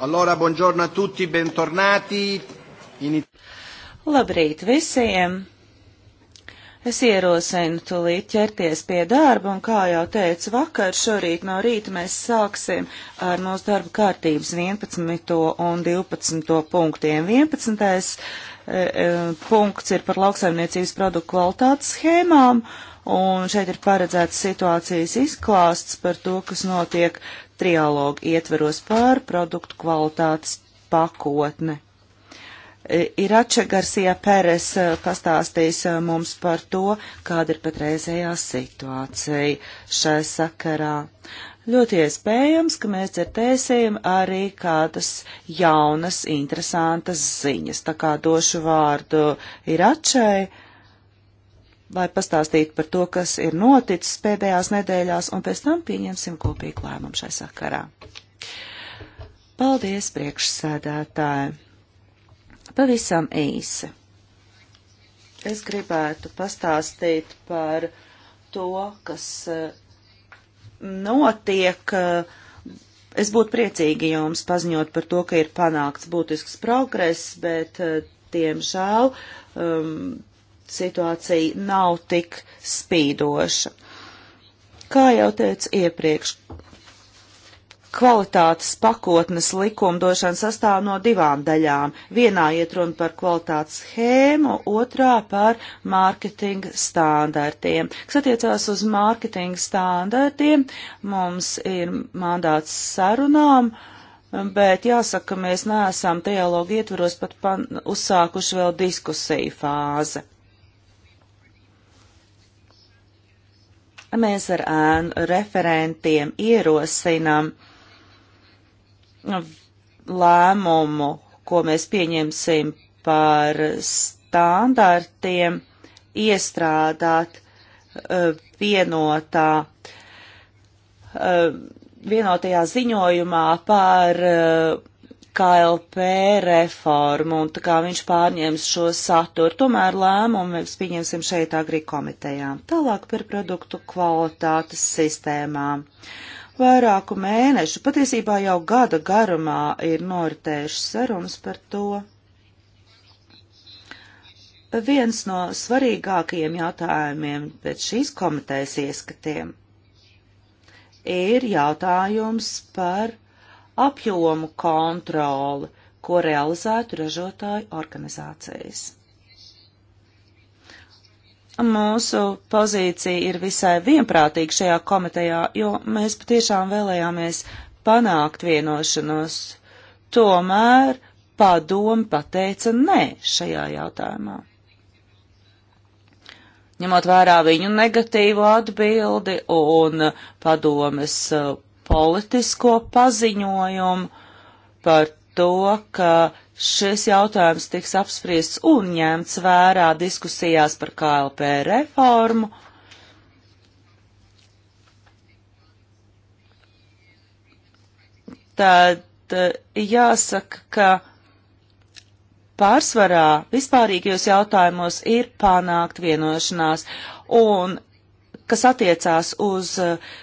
Allora, buongiorno a tutti, bentornati. In... Labrīt visiem! Es ierosinu tulīt ķerties pie darba, un kā jau teicu vakar, šorīt no rīta mēs sāksim ar mūsu darba kārtības 11. un 12. punktiem. 11. Eh, eh, punkts ir par lauksaimniecības produktu kvalitātes schēmām, un šeit ir paredzēts situācijas izklāsts par to, kas notiek trialogu ietveros pār produktu kvalitātes pakotne. Irače Garcia Pēres e, pastāstīs e, mums par to, kāda ir patreizējā situācija šai sakarā. Ļoti iespējams, ka mēs dzirdēsim arī kādas jaunas, interesantas ziņas, tā kā došu vārdu Iračai lai pastāstītu par to, kas ir noticis pēdējās nedēļās, un pēc tam pieņemsim kopīgu lēmumu šai sakarā. Paldies, priekšsēdētāji! Pavisam īsi. Es gribētu pastāstīt par to, kas eh, notiek. Es būtu priecīgi jums paziņot par to, ka ir panākts būtisks progress, bet, eh, diemžēl, um, situācija nav tik spīdoša. Kā jau teicu iepriekš, kvalitātes pakotnes likumdošana sastāv no divām daļām. Vienā iet runa par kvalitātes schēmu, otrā par mārketinga standartiem. Kas attiecās uz mārketinga standartiem, mums ir mandāts sarunām. Bet jāsaka, mēs neesam dialogu ietvaros pat pan, uzsākuši vēl diskusiju fāzi. Mēs ar ēnu referentiem ierosinām lēmumu, ko mēs pieņemsim par standartiem, iestrādāt e, vienotā, e, vienotajā ziņojumā par e, KLP reformu, un tā kā viņš pārņems šo saturu, tomēr lēmumu mēs pieņemsim šeit agri komitejā. Tālāk par produktu kvalitātes sistēmām. Vairāku mēnešu, patiesībā jau gada garumā ir noritējuši sarunas par to. Viens no svarīgākajiem jautājumiem pēc šīs komitejas ieskatiem ir jautājums par apjomu kontroli, ko realizētu ražotāju organizācijas. Mūsu pozīcija ir visai vienprātīga šajā komitejā, jo mēs patiešām vēlējāmies panākt vienošanos. Tomēr padomi pateica nē šajā jautājumā. Ņemot vērā viņu negatīvu atbildi un padomes uh, politisko paziņojumu par to, ka šis jautājums tiks apspriests un ņemts vērā diskusijās par KLP reformu. Tad eh, jāsaka, ka pārsvarā vispārīgajos jautājumos ir panākt vienošanās, un kas attiecās uz uh,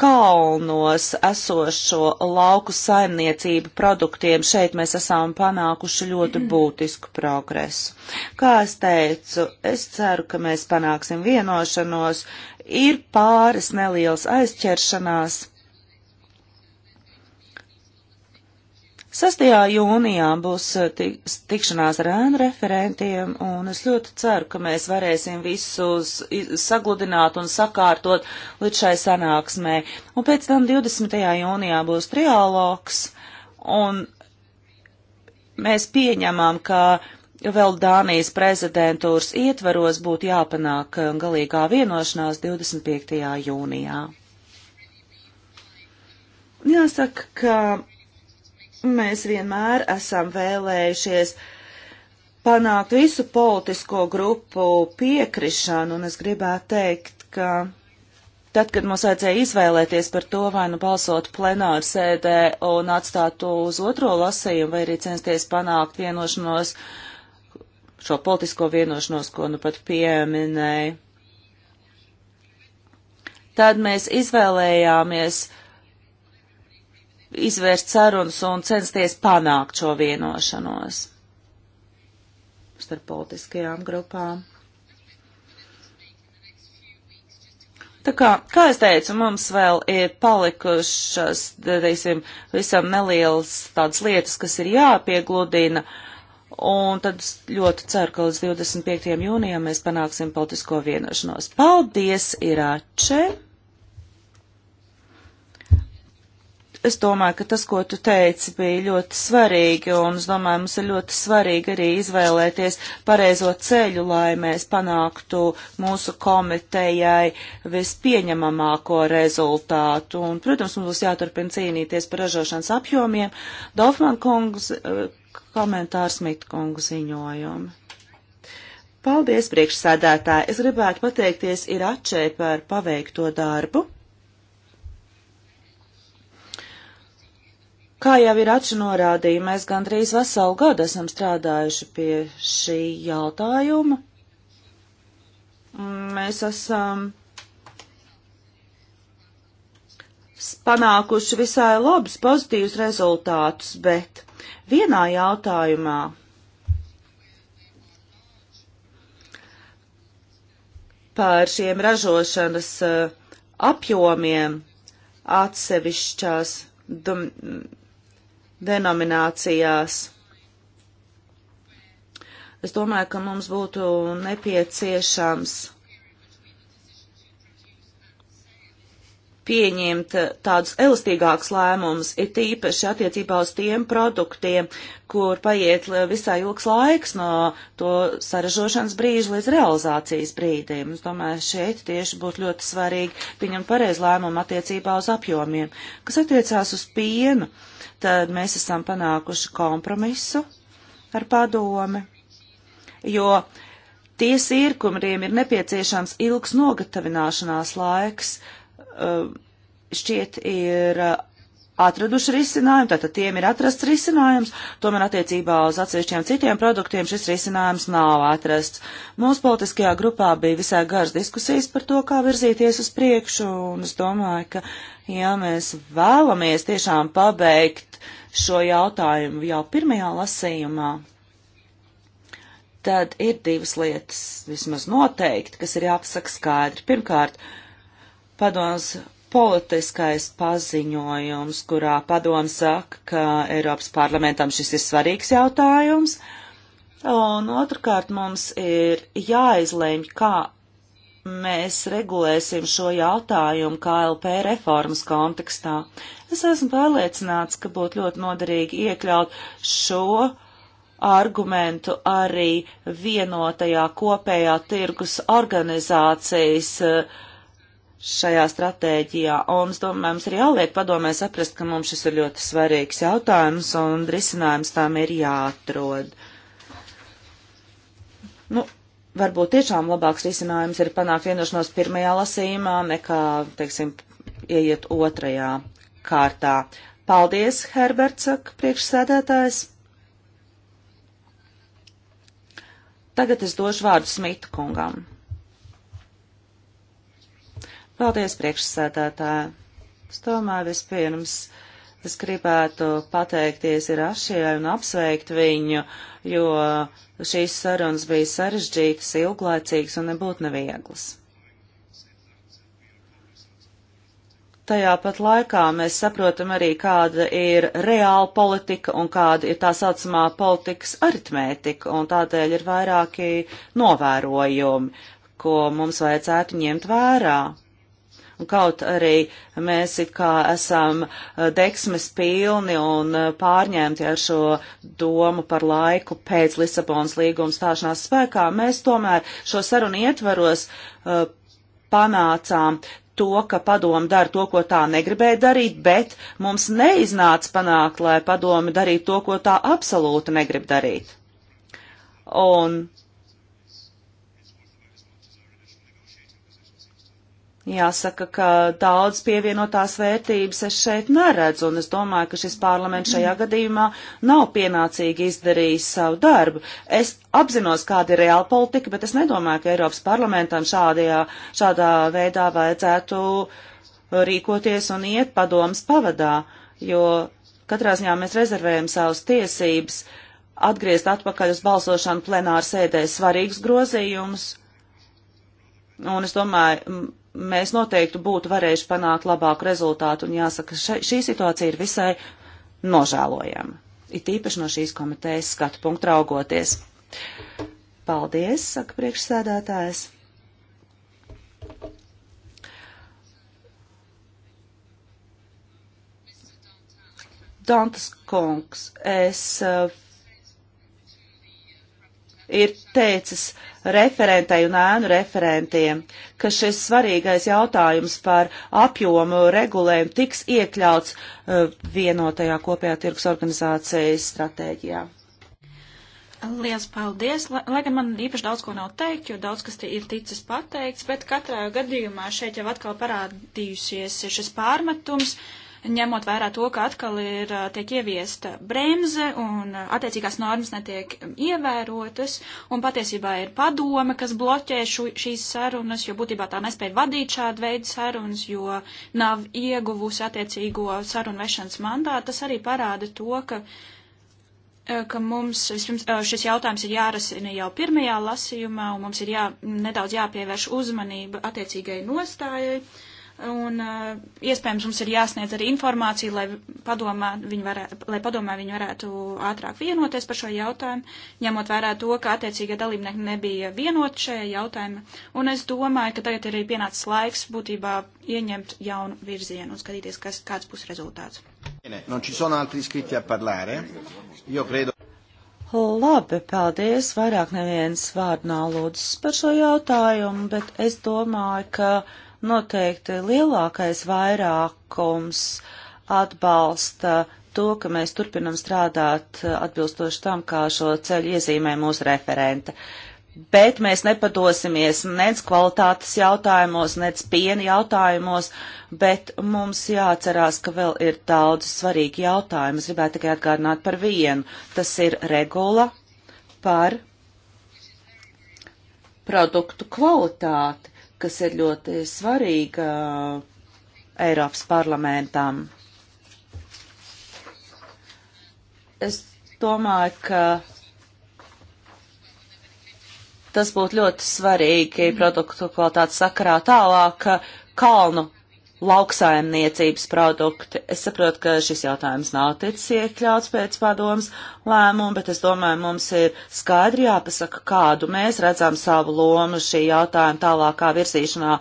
kalnos esošo lauku saimniecību produktiem šeit mēs esam panākuši ļoti mm. būtisku progresu. Kā es teicu, es ceru, ka mēs panāksim vienošanos, ir pāris nelielas aizķeršanās 6. jūnijā būs eh, tikšanās ar ēnu referentiem, un es ļoti ceru, ka mēs varēsim visus sagludināt un sakārtot līdz šai sanāksmē. Un pēc tam 20. jūnijā būs trialogs, un mēs pieņemam, ka vēl Dānijas prezidentūras ietveros būtu jāpanāk eh, galīgā vienošanās 25. jūnijā. Jāsaka, ka Mēs vienmēr esam vēlējušies panākt visu politisko grupu piekrišanu, un es gribētu teikt, ka Tad, kad mums vajadzēja izvēlēties par to, vai nu balsot plenāru sēdē un atstāt to uz otro lasījumu, vai arī censties panākt vienošanos, šo politisko vienošanos, ko nu pat pieminēja, tad mēs izvēlējāmies izvērst sarunas un censties panākt šo vienošanos starp politiskajām grupām. Tā kā, kā es teicu, mums vēl ir palikušas, teiksim, visam nelielas tādas lietas, kas ir jāpiegludina, un tad ļoti ceru, ka līdz 25. jūnijam mēs panāksim politisko vienošanos. Paldies, Irāče! Es domāju, ka tas, ko tu teici, bija ļoti svarīgi, un es domāju, mums ir ļoti svarīgi arī izvēlēties pareizo ceļu, lai mēs panāktu mūsu komitejai vispieņemamāko rezultātu. Un, protams, mums būs jāturpina cīnīties par ražošanas apjomiem. Dofman kungs eh, komentārs Mitkungu ziņojumu. Paldies, priekšsādātāji! Es gribētu pateikties Iračē par paveikto darbu. Kā jau ir atši norādīja, mēs gandrīz veselu gadu esam strādājuši pie šī jautājuma. Mēs esam panākuši visai labus, pozitīvus rezultātus, bet vienā jautājumā par šiem ražošanas uh, apjomiem atsevišķās dom denominācijās. Es domāju, ka mums būtu nepieciešams pieņemt tādus elastīgākus lēmumus, ir tīpaši attiecībā uz tiem produktiem, kur paiet visai ilgs laiks no to saražošanas brīža līdz realizācijas brīdim. Es domāju, šeit tieši būtu ļoti svarīgi pieņemt pareizu lēmumu attiecībā uz apjomiem. Kas attiecās uz pienu, tad mēs esam panākuši kompromisu ar padomi, jo tie sīrkumiem ir nepieciešams ilgs nogatavināšanās laiks, uh, Um, šķiet ir uh, atraduši risinājumu, tātad tiem ir atrasts risinājums, tomēr attiecībā uz atsevišķiem citiem produktiem šis risinājums nav atrasts. Mūsu politiskajā grupā bija visai garas diskusijas par to, kā virzīties uz priekšu, un es domāju, ka, ja mēs vēlamies tiešām pabeigt šo jautājumu jau pirmajā lasījumā, tad ir divas lietas, vismaz noteikti, kas ir jāpasaka skaidri. Pirmkārt, uh, padoms politiskais paziņojums, kurā padoms saka, ka Eiropas parlamentam šis ir svarīgs jautājums. Un otrkārt mums ir jāizlēmj, kā mēs regulēsim šo jautājumu KLP reformas kontekstā. Es esmu pārliecināts, ka būtu ļoti noderīgi iekļaut šo argumentu arī vienotajā kopējā tirgus organizācijas uh, šajā stratēģijā, un es domāju, mums ir jāliek padomē saprast, ka mums šis ir ļoti svarīgs jautājums, un risinājums tām ir jāatrod. Nu, varbūt tiešām labāks risinājums ir panākt vienošanos pirmajā lasījumā, nekā, teiksim, ieiet otrajā kārtā. Paldies, Herberts, saka priekšsēdētājs. Tagad es došu vārdu Smita kungam. Paldies, priekšsēdētāji! Es domāju, vispirms es gribētu pateikties ir Ašijai un apsveikt viņu, jo šīs sarunas bija sarežģītas, ilglaicīgas un nebūtu nevieglas. Tajā pat laikā mēs saprotam arī, kāda ir reāla politika un kāda ir tā saucamā politikas aritmētika, un tādēļ ir vairāki novērojumi, ko mums vajadzētu ņemt vērā Kaut arī mēs it kā esam eh, deksmes pilni un eh, pārņemti ar šo domu par laiku pēc Lisabonas līguma stāšanās spēkā, mēs tomēr šo sarunu ietvaros uh, panācām to, ka padomu dara to, ko tā negribēja darīt, bet mums neiznāca panākt, lai padomu darītu to, ko tā absolūti negrib darīt. Un Jāsaka, ka daudz pievienotās vērtības es šeit neredzu, un es domāju, ka šis parlaments šajā mm. gadījumā nav pienācīgi izdarījis savu darbu. Es apzinos, kāda ir reāla politika, bet es nedomāju, ka Eiropas parlamentam šādajā, šādā veidā vajadzētu rīkoties un iet padomas pavadā, jo katrā ziņā mēs rezervējam savas tiesības atgriezt atpakaļ uz balsošanu plenāru sēdē svarīgus grozījumus. Un es domāju, mēs noteikti būtu varējuši panākt labāku rezultātu, un jāsaka, še, šī situācija ir visai nožēlojama. It īpaši no šīs komitejas skatu punktu raugoties. Paldies, saka priekšsēdētājs. Dantas kungs, es eh, ir teicis referentai un ēnu referentiem, ka šis svarīgais jautājums par apjomu regulējumu tiks iekļauts uh, vienotajā kopējā tirgus organizācijas stratēģijā. Lielas paldies! Lai, lai gan man īpaši daudz ko nav teikt, jo daudz kas ir ticis pateikts, bet katrā gadījumā šeit jau atkal parādījusies šis pārmetums. Uh, ņemot vērā to, ka atkal ir tiek ieviesta bremze un attiecīgās normas netiek ievērotas, un patiesībā ir padome, kas bloķē šu, šīs sarunas, jo būtībā tā nespēja vadīt šādu veidu sarunas, jo nav ieguvusi attiecīgo sarunu vešanas mandātu. Tas arī parāda to, ka ka mums vispirms, šis jautājums ir jārasina jau pirmajā lasījumā, un mums ir jā, nedaudz jāpievērš uzmanība attiecīgai nostājai. Uh, Un uh, iespējams mums ir jāsniedz arī informācija, lai padomā viņi varētu, lai padomā viņi varētu ātrāk vienoties par šo jautājumu, ņemot vērā to, ka attiecīgie dalībnieki nebija vienoti šajā jautājumā. Un es domāju, ka tagad ir arī pienācis laiks būtībā ieņemt jaunu virzienu un skatīties, kas, kāds būs rezultāts. Labi, paldies. Vairāk neviens vārdu nav lūdzis par šo jautājumu, bet es domāju, ka noteikti lielākais vairākums atbalsta to, ka mēs turpinam strādāt atbilstoši tam, kā šo ceļu iezīmē mūsu referente. Bet mēs nepadosimies nec kvalitātes jautājumos, nec piena jautājumos, bet mums jāatcerās, ka vēl ir daudz svarīgi jautājumi. Es gribētu tikai atgādināt par vienu. Tas ir regula par produktu kvalitāti kas ir ļoti svarīga Eiropas parlamentam. Es domāju, ka tas būtu ļoti svarīgi produktu kvalitātes sakarā tālāk kalnu lauksaimniecības produkti. Es saprotu, ka šis jautājums nav ticis iekļauts pēc padomas lēmuma, bet es domāju, mums ir skaidri jāpasaka, kādu mēs redzam savu lomu šī jautājuma tālākā virzīšanā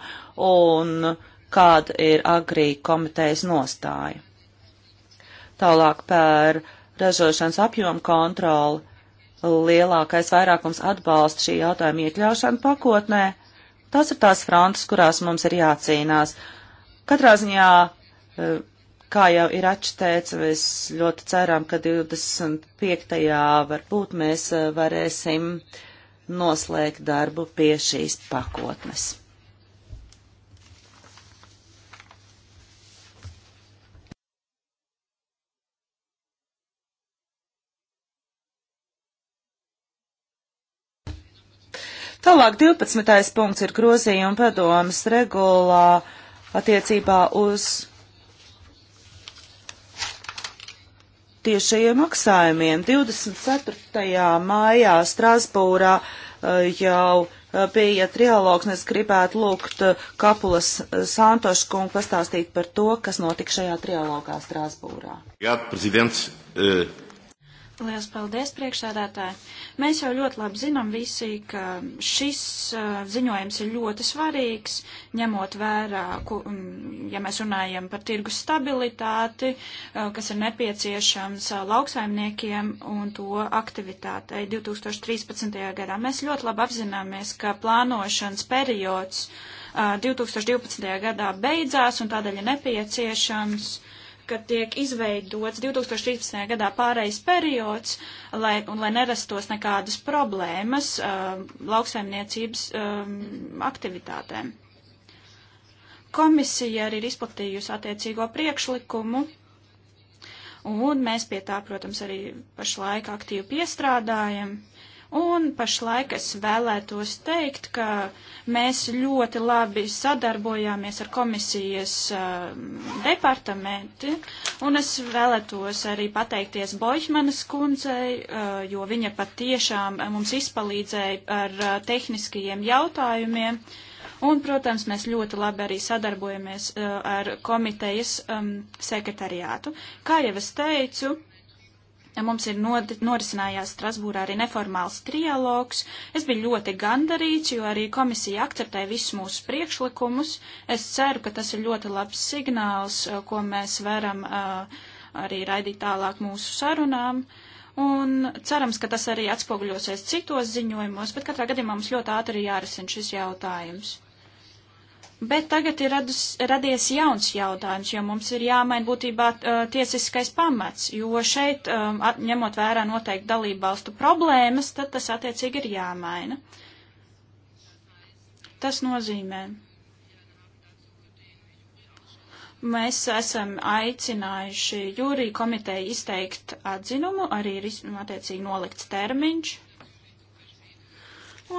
un kāda ir agrī komitejas nostāja. Tālāk par ražošanas apjomu kontroli. Lielākais vairākums atbalsta šī jautājuma iekļaušanu pakotnē. Tās ir tās frontes, kurās mums ir jācīnās. Uh, Katrā ziņā, eh, kā jau ir atšteica, mēs ļoti ceram, ka 25. varbūt mēs eh, varēsim noslēgt darbu pie šīs pakotnes. Tālāk 12. punkts ir grozījuma padomas regulā attiecībā uz tiešajiem maksājumiem. 24. maijā Strasbūrā eh, jau eh, bija trialogs, un es gribētu lūgt eh, Kapulas Santošu kungu pastāstīt par to, kas notika šajā trialogā Strasbūrā. Jā, prezidents. Uh... Lielas paldies, priekšsēdētāji. Mēs jau ļoti labi zinām visi, ka šis uh, ziņojums ir ļoti svarīgs, ņemot vērā, ku, ja mēs runājam par tirgus stabilitāti, uh, kas ir nepieciešams uh, lauksaimniekiem un to aktivitātei 2013. gadā. Mēs ļoti labi apzināmies, ka plānošanas periods 2012. Uh, gadā beidzās un tādēļ ir nepieciešams kad tiek izveidots 2013. gadā pārējais periods, lai, un lai nerastos nekādas problēmas uh, lauksaimniecības um, aktivitātēm. Komisija arī ir izplatījusi attiecīgo priekšlikumu, un mēs pie tā, protams, arī pašlaik aktīvi piestrādājam. Uh, Un pašlaik es vēlētos teikt, ka mēs ļoti labi sadarbojāmies ar komisijas uh, departamenti, un es vēlētos arī pateikties Boihmanas kundzei, uh, jo viņa patiešām uh, mums izpalīdzēja ar uh, tehniskajiem jautājumiem. Un, protams, mēs ļoti labi arī sadarbojamies uh, ar komitejas um, sekretariātu. Kā jau es teicu, uh, Mums ir norisinājās Strasbūrā arī neformāls trialogs. Es biju ļoti gandarīts, jo arī komisija akceptē visus mūsu priekšlikumus. Es ceru, ka tas ir ļoti labs signāls, eh, ko mēs varam eh, arī raidīt tālāk mūsu sarunām. Un cerams, ka tas arī atspoguļosies citos ziņojumos, bet katrā gadījumā mums ļoti ātri jārisina šis jautājums. Bet tagad ir radus, radies jauns jautājums, jo mums ir jāmaina būtībā tiesiskais pamats, jo šeit, ņemot vērā noteikti dalību valstu problēmas, tad tas attiecīgi ir jāmaina. Tas nozīmē. Mēs esam aicinājuši jūrī komiteju izteikt atzinumu, arī ir nu, attiecīgi nolikts termiņš.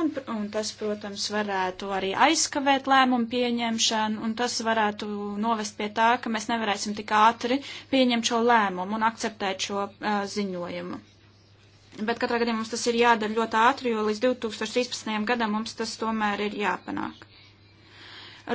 Un, un tas, protams, varētu arī aizkavēt lēmumu pieņemšanu, un tas varētu novest pie tā, ka mēs nevarēsim tik ātri pieņemt šo lēmumu un akceptēt šo uh, ziņojumu. Bet katrā gadījumā mums tas ir jādara ļoti ātri, jo līdz 2013. gadam mums tas tomēr ir jāpanāk.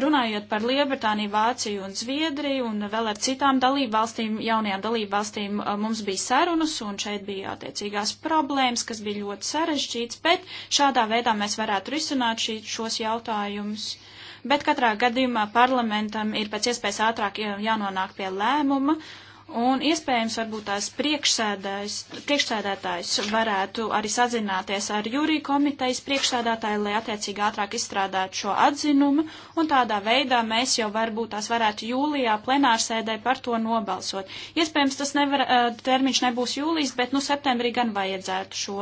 Runājot par Lielbritāniju, Vāciju un Zviedriju un vēl ar citām dalību valstīm, jaunajām dalību valstīm uh, mums bija sarunas un šeit bija attiecīgās problēmas, kas bija ļoti sarežģīts, bet šādā veidā mēs varētu risināt šī, šos jautājumus. Bet katrā gadījumā parlamentam ir pēc iespējas ātrāk jānonāk pie lēmuma. Uh, Un iespējams, varbūt tās priekšsēdētājs varētu arī sazināties ar jūriju komitejas priekšsēdētāju, lai attiecīgi ātrāk izstrādātu šo atzinumu, un tādā veidā mēs jau varbūt tās varētu jūlijā plenārsēdē par to nobalsot. Iespējams, tas nevar, termiņš nebūs jūlijas, bet nu septembrī gan vajadzētu šo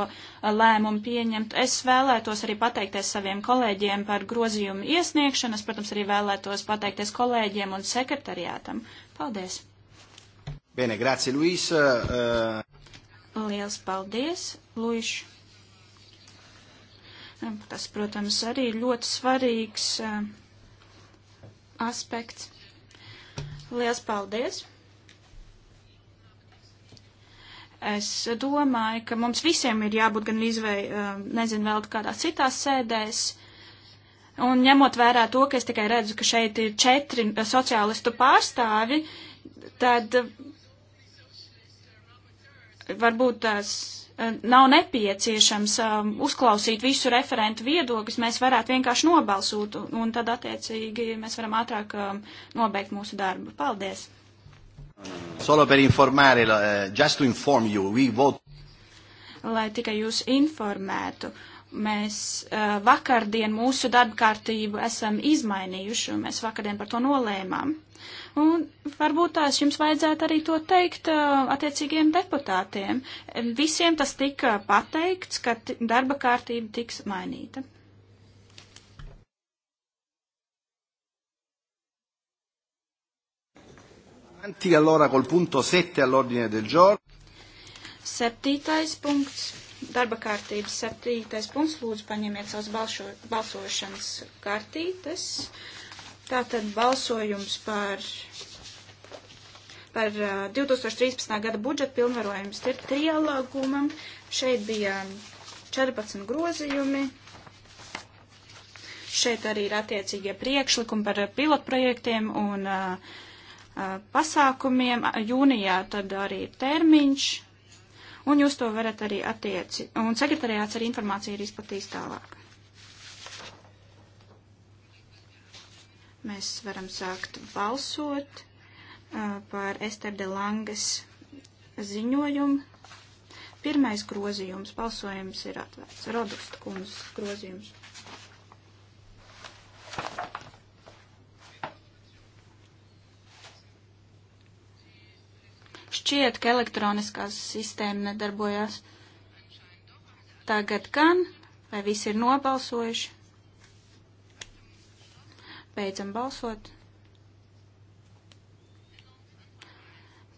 lēmumu pieņemt. Es vēlētos arī pateikties saviem kolēģiem par grozījumu iesniegšanu, es, protams, arī vēlētos pateikties kolēģiem un sekretariātam. Paldies! Bene, grazie, Luis. Uh... Liels paldies, Luis. Tas, protams, arī ļoti svarīgs uh, aspekts. Liels paldies! Es domāju, ka mums visiem ir jābūt gan izvēj, eh, nezinu, vēl kādās citās sēdēs. Un ņemot vērā to, ka es tikai redzu, ka šeit ir četri sociālistu pārstāvi, tad varbūt tas eh, nav nepieciešams um, uzklausīt visu referentu viedokļus, mēs varētu vienkārši nobalsot, un tad attiecīgi mēs varam ātrāk um, nobeigt mūsu darbu. Paldies! Solo per informare, uh, just to inform you, we vote. Lai tikai jūs informētu, mēs uh, vakardien mūsu darba kārtību esam izmainījuši, un mēs vakardien par to nolēmām. Un varbūt tās jums vajadzētu arī to teikt attiecīgiem deputātiem. Visiem tas tika pateikts, ka darba kārtība tiks mainīta. Avanti allora col punto 7 all'ordine del giorno. Septītais punkts. Darba kārtības septītais punkts. Lūdzu, paņemiet savas balšo, balsošanas kartītes. Uh, Tātad balsojums par, par 2013. Uh, gada budžetu pilnvarojums ir trialogumam. Šeit bija 14 grozījumi. Šeit arī ir attiecīgie priekšlikumi par pilotprojektiem un uh, uh pasākumiem. Jūnijā tad arī ir termiņš, un jūs to varat arī attieci. Un sekretariāts arī informāciju ir izplatījis tālāk. Mēs varam sākt balsot par Ester de Langas ziņojumu. Pirmais grozījums, balsojums ir atvērts. Robusta kundzes grozījums. Šķiet, ka elektroniskās sistēma nedarbojās. Tagad gan, vai visi ir nobalsojuši? Beidzam balsot.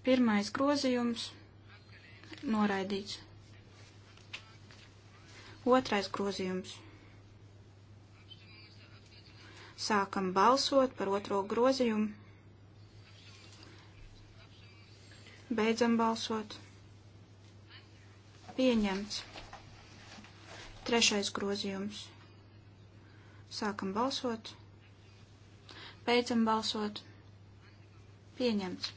Pirmais grozījums noraidīts. Otrais grozījums. Sākam balsot par otro grozījumu. Beidzam balsot. Pieņemts. Trešais grozījums. Sākam balsot. Beidzam balsot. Pieņemts.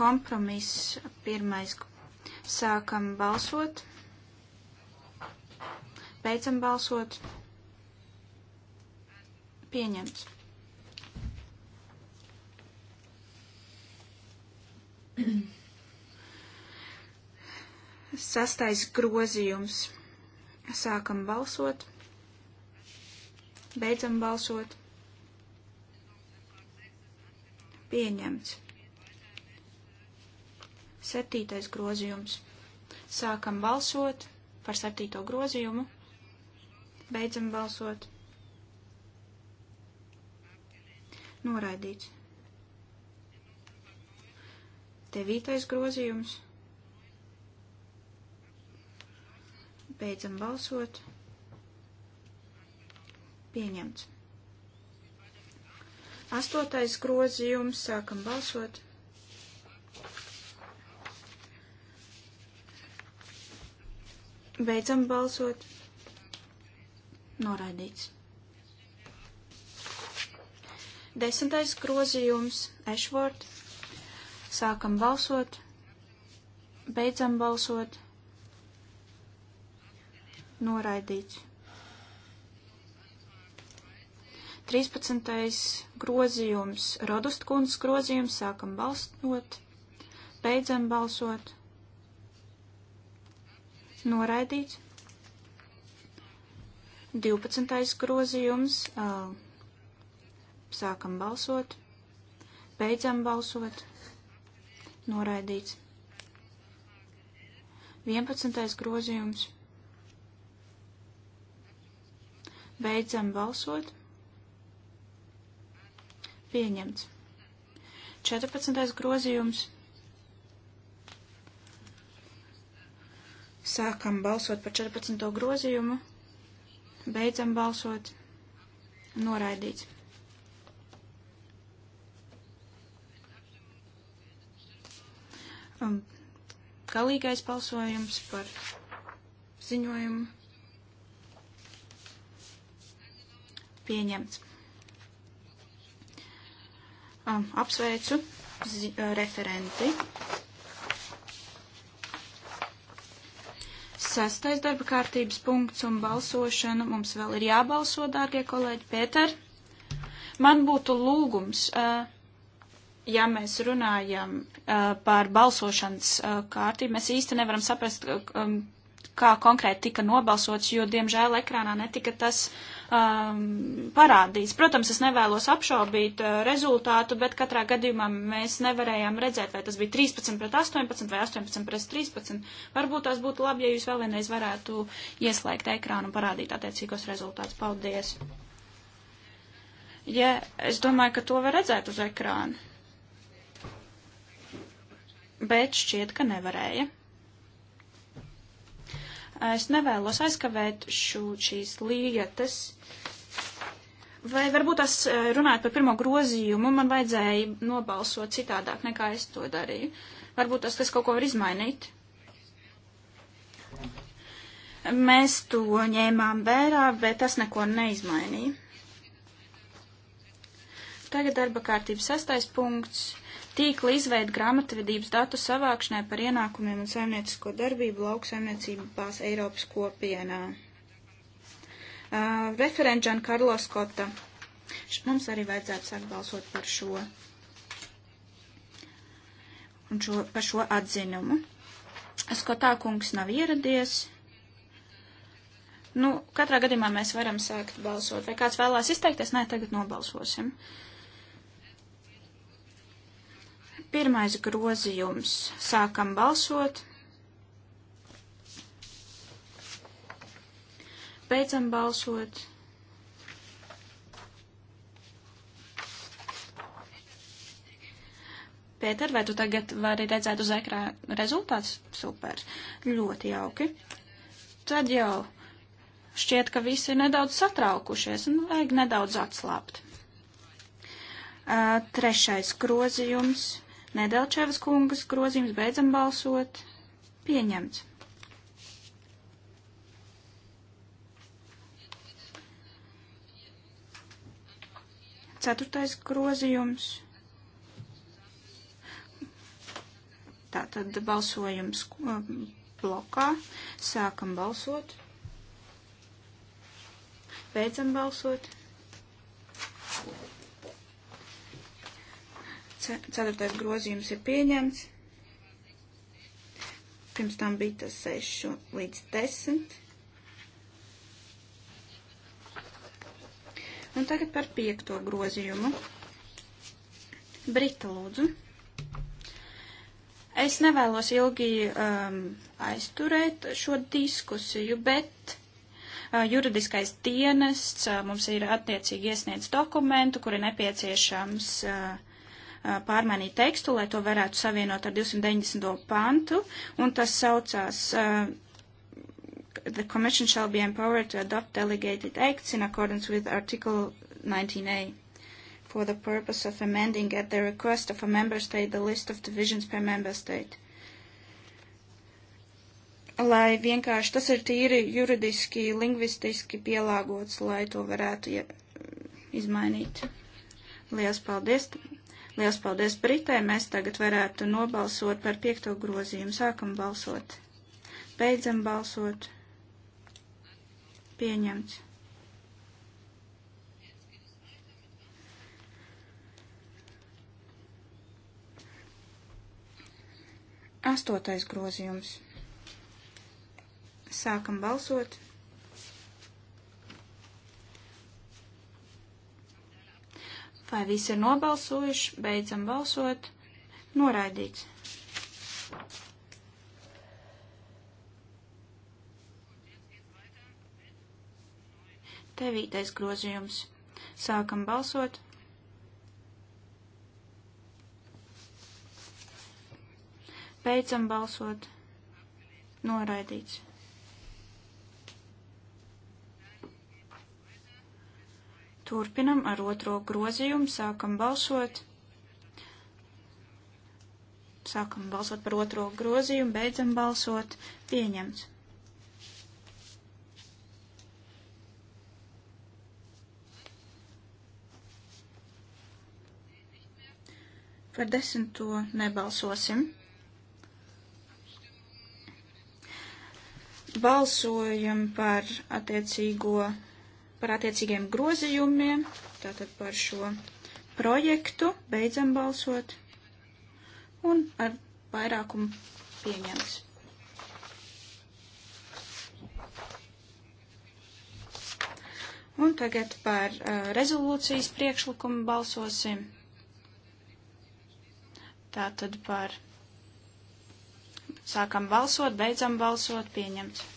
Kompromiss pirmais. Sākam balsot. Beidzam balsot. Pieņemts. Mm-hmm. Sastais grozījums. Sākam balsot. Beidzam balsot. Pieņemts. Septītais grozījums. Sākam balsot par septīto grozījumu. Beidzam balsot. Noraidīts. Devītais grozījums. Beidzam balsot. Pieņemts. Astotais grozījums. Sākam balsot. Beidzam balsot. Noraidīts. Desmitais grozījums. Ešvort. Sākam balsot. Beidzam balsot noraidīts. 13. grozījums, Rodustkundas grozījums, sākam balsot, beidzam balsot, noraidīts. 12. grozījums, sākam balsot, beidzam balsot, noraidīts. 11. grozījums. Beidzam balsot. Pieņemts. 14. grozījums. Sākam balsot par 14. grozījumu. Beidzam balsot. Noraidīts. Um, galīgais balsojums par ziņojumu. pieņemts. Um, apsveicu uh, referenti. Sastais darba kārtības punkts un balsošana. Mums vēl ir jābalso, dārgie kolēģi. Pēter, man būtu lūgums, uh, ja mēs runājam uh, par balsošanas kārtību, mēs īsti nevaram saprast, um, kā konkrēti tika nobalsots, jo, diemžēl, ekrānā netika tas uh, um, parādīs. Protams, es nevēlos apšaubīt uh, rezultātu, bet katrā gadījumā mēs nevarējām redzēt, vai tas bija 13 pret 18 vai 18 pret 13. Varbūt tās būtu labi, ja jūs vēl vienreiz varētu ieslēgt ekrānu un parādīt attiecīgos rezultātus. Paldies! Ja, es domāju, ka to var redzēt uz ekrāna. Bet šķiet, ka nevarēja es nevēlos aizkavēt šo, šīs lietas. Vai varbūt es runāju par pirmo grozījumu, man vajadzēja nobalsot citādāk nekā es to darīju. Varbūt tas, kas kaut ko var izmainīt. Mēs to ņēmām vērā, bet tas neko neizmainīja. Tagad darba kārtības sastais punkts tīkla izveida grāmatvedības datu savākšanai par ienākumiem un saimniecisko darbību lauksaimniecībās Eiropas kopienā. Uh, Referentžan Karlo Skota. Mums arī vajadzētu sākt balsot par šo, un šo, par šo atzinumu. Skotā kungs nav ieradies. Nu, katrā gadījumā mēs varam sākt balsot. Vai kāds vēlās izteikties? Nē, tagad nobalsosim. Uh, Pirmais grozījums. Sākam balsot. Beidzam balsot. Pēter, vai tu tagad vari redzēt uz ekrāna rezultāts? Super. Ļoti jauki. Tad jau šķiet, ka visi ir nedaudz satraukušies un vajag nedaudz atslāpt. Uh, trešais grozījums. Nedelčevas kungas grozījums beidzam balsot. Pieņemts. Ceturtais grozījums. Tātad balsojums uh, blokā. Sākam balsot. Beidzam balsot. Ceturtais grozījums ir pieņemts. Pirms tam bija tas 6 līdz 10. Un tagad par piekto grozījumu. Brita, lūdzu. Es nevēlos ilgi um, aizturēt šo diskusiju, bet uh, juridiskais dienests uh, mums ir attiecīgi iesniedz dokumentu, kuri nepieciešams uh, pārmainīt tekstu, lai to varētu savienot ar 290. pantu, un tas saucās The Commission shall be empowered to adopt delegated acts in accordance with Article 19A for the purpose of amending at the request of a member state the list of divisions per member state. Lai vienkārši tas ir tīri juridiski, lingvistiski pielāgots, lai to varētu izmainīt. Lielas paldies! Liels paldies Britai. Mēs tagad varētu nobalsot par piekto grozījumu. Sākam balsot. Beidzam balsot. Pieņemts. Astotais grozījums. Sākam balsot. Vai visi ir nobalsojuši? Beidzam balsot. Noraidīts. Devītais grozījums. Sākam balsot. Beidzam balsot. Noraidīts. Turpinam ar otro grozījumu, sākam balsot. Sākam balsot par otro grozījumu, beidzam balsot, pieņemts. Par desmito nebalsosim. Balsojam par attiecīgo par attiecīgiem grozījumiem, tātad par šo projektu, beidzam balsot un ar vairākumu pieņemts. Un tagad par uh, rezolūcijas priekšlikumu balsosim. Tātad par sākam balsot, beidzam balsot, pieņemts.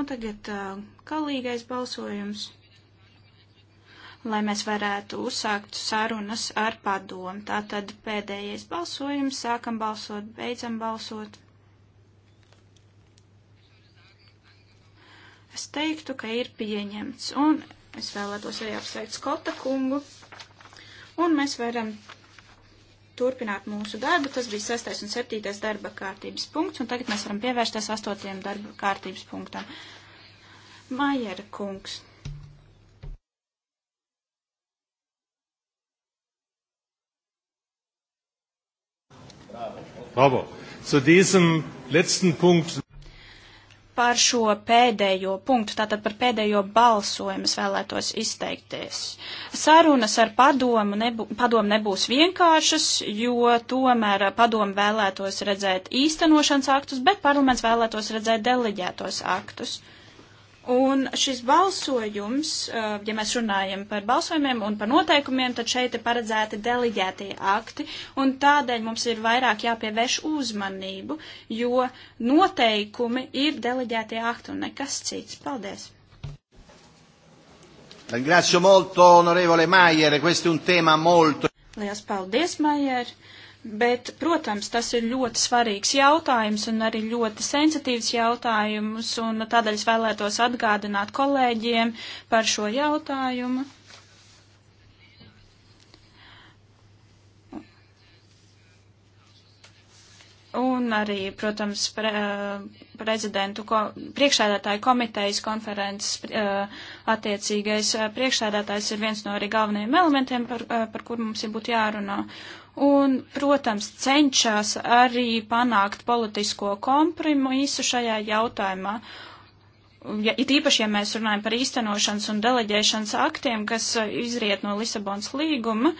Un tagad uh, galīgais balsojums, lai mēs varētu uzsākt sarunas ar padomu. Tātad pēdējais balsojums, sākam balsot, beidzam balsot. Es teiktu, ka ir pieņemts, un es vēlētos arī apsveikt Skota kungu, un mēs varam turpināt mūsu darbu. Tas bija sastais un septītais darba kārtības punkts, un tagad mēs varam pievērsties astotajam darba kārtības punktam. Maiera kungs. Bravo. Zu diesem letzten Punkt par šo pēdējo punktu, tātad par pēdējo balsojumu es vēlētos izteikties. Sarunas ar padomu, nebū, padomu nebūs vienkāršas, jo tomēr padomu vēlētos redzēt īstenošanas aktus, bet parlaments vēlētos redzēt deleģētos aktus. Uh, Un šis balsojums, eh, ja mēs runājam par balsojumiem un par noteikumiem, tad šeit ir paredzēti deliģētie akti, un tādēļ mums ir vairāk jāpievērš uzmanību, jo noteikumi ir deliģētie akti un nekas cits. Paldies! Ringrazio molto, onorevole Maier, questo è un tema molto. Lielas paldies, Maier! Bet, protams, tas ir ļoti svarīgs jautājums un arī ļoti sensitīvs jautājums, un tādēļ es vēlētos atgādināt kolēģiem par šo jautājumu. Un arī, protams, pre, eh, prezidentu ko, priekšsēdētāju komitejas konferences pre, eh, attiecīgais eh, priekšsēdētājs ir viens no arī galvenajiem elementiem, par, par kur mums ir būtu jārunā un, protams, cenšas arī panākt politisko kompromisu šajā jautājumā ja, it īpaši, ja mēs runājam par īstenošanas un deleģēšanas aktiem, kas uh, izriet no Lisabonas līguma,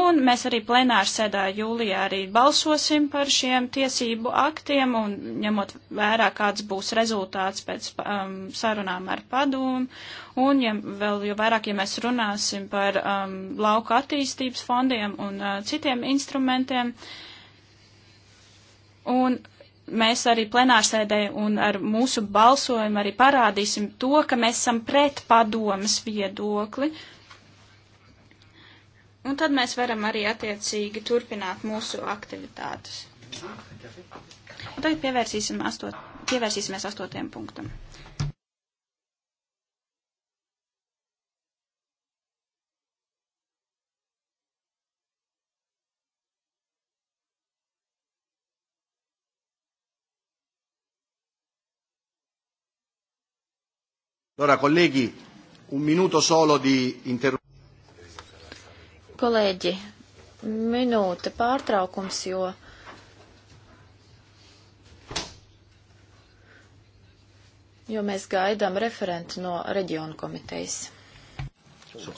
un mēs arī plenāru sēdā jūlijā arī balsosim par šiem tiesību aktiem, un ņemot vērā, kāds būs rezultāts pēc um, sarunām ar padomu, un ja, vēl jo vairāk, ja mēs runāsim par um, lauka attīstības fondiem un uh, citiem instrumentiem, un mēs arī plenārsēdē un ar mūsu balsojumu arī parādīsim to, ka mēs esam pret padomas viedokli. Un tad mēs varam arī attiecīgi turpināt mūsu aktivitātes. Un tagad pievērsīsim astot, pievērsīsimies astotajam punktam. Allora, colleghi, un minuto solo di interruzione. Kolēģi, minūte pārtraukums, jo. jo mēs gaidām referentu no reģionu komitejas. So.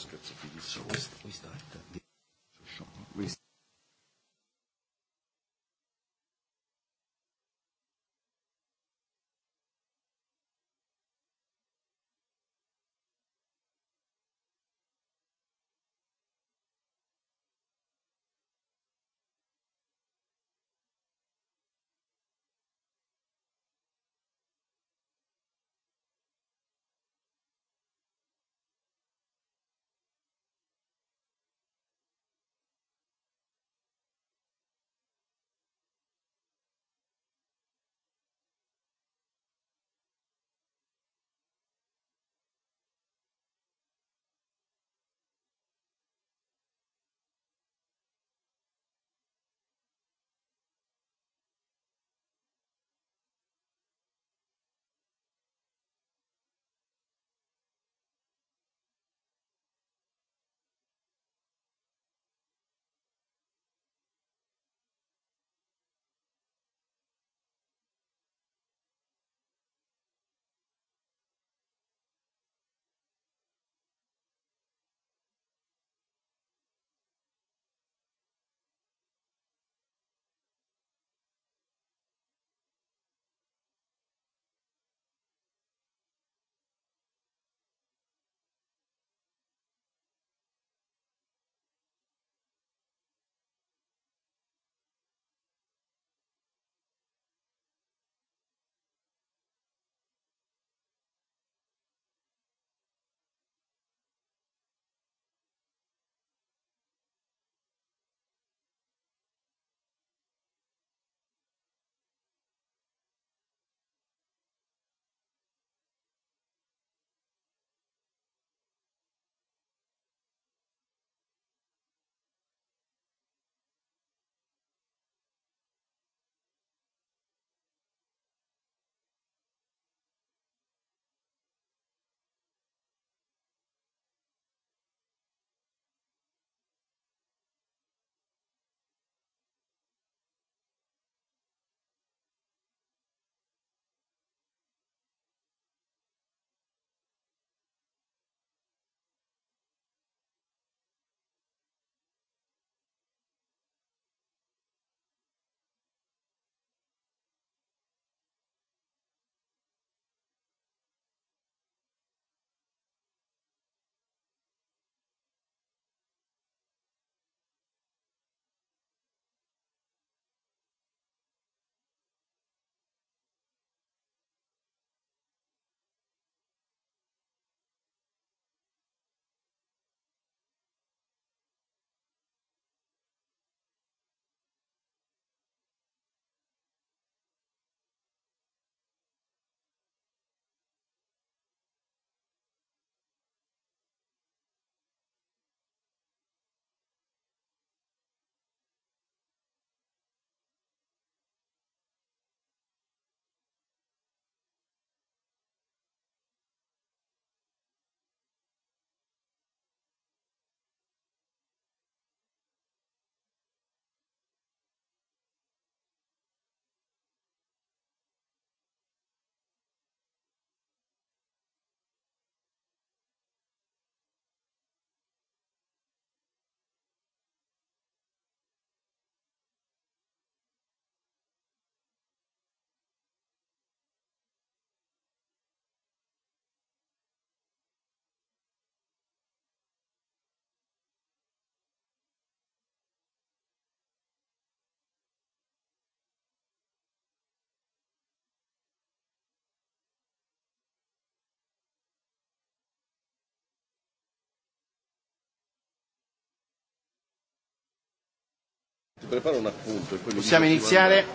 Ti preparo un appunto. E possiamo iniziare?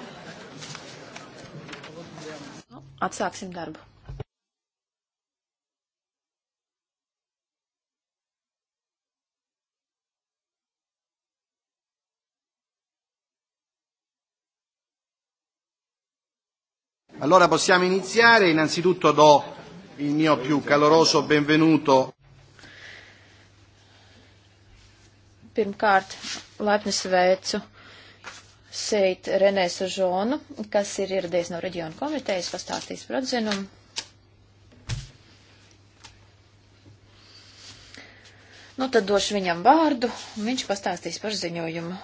Nu, atsāksim darbu. Allora possiamo iniziare, innanzitutto do il mio più caloroso benvenuto. Pirmkārt, laipni sveicu šeit Renēsu Žonu, kas ir ieradies no reģiona komitejas, pastāstīs par atzinumu. Nu, tad došu viņam vārdu, un viņš pastāstīs par ziņojumu.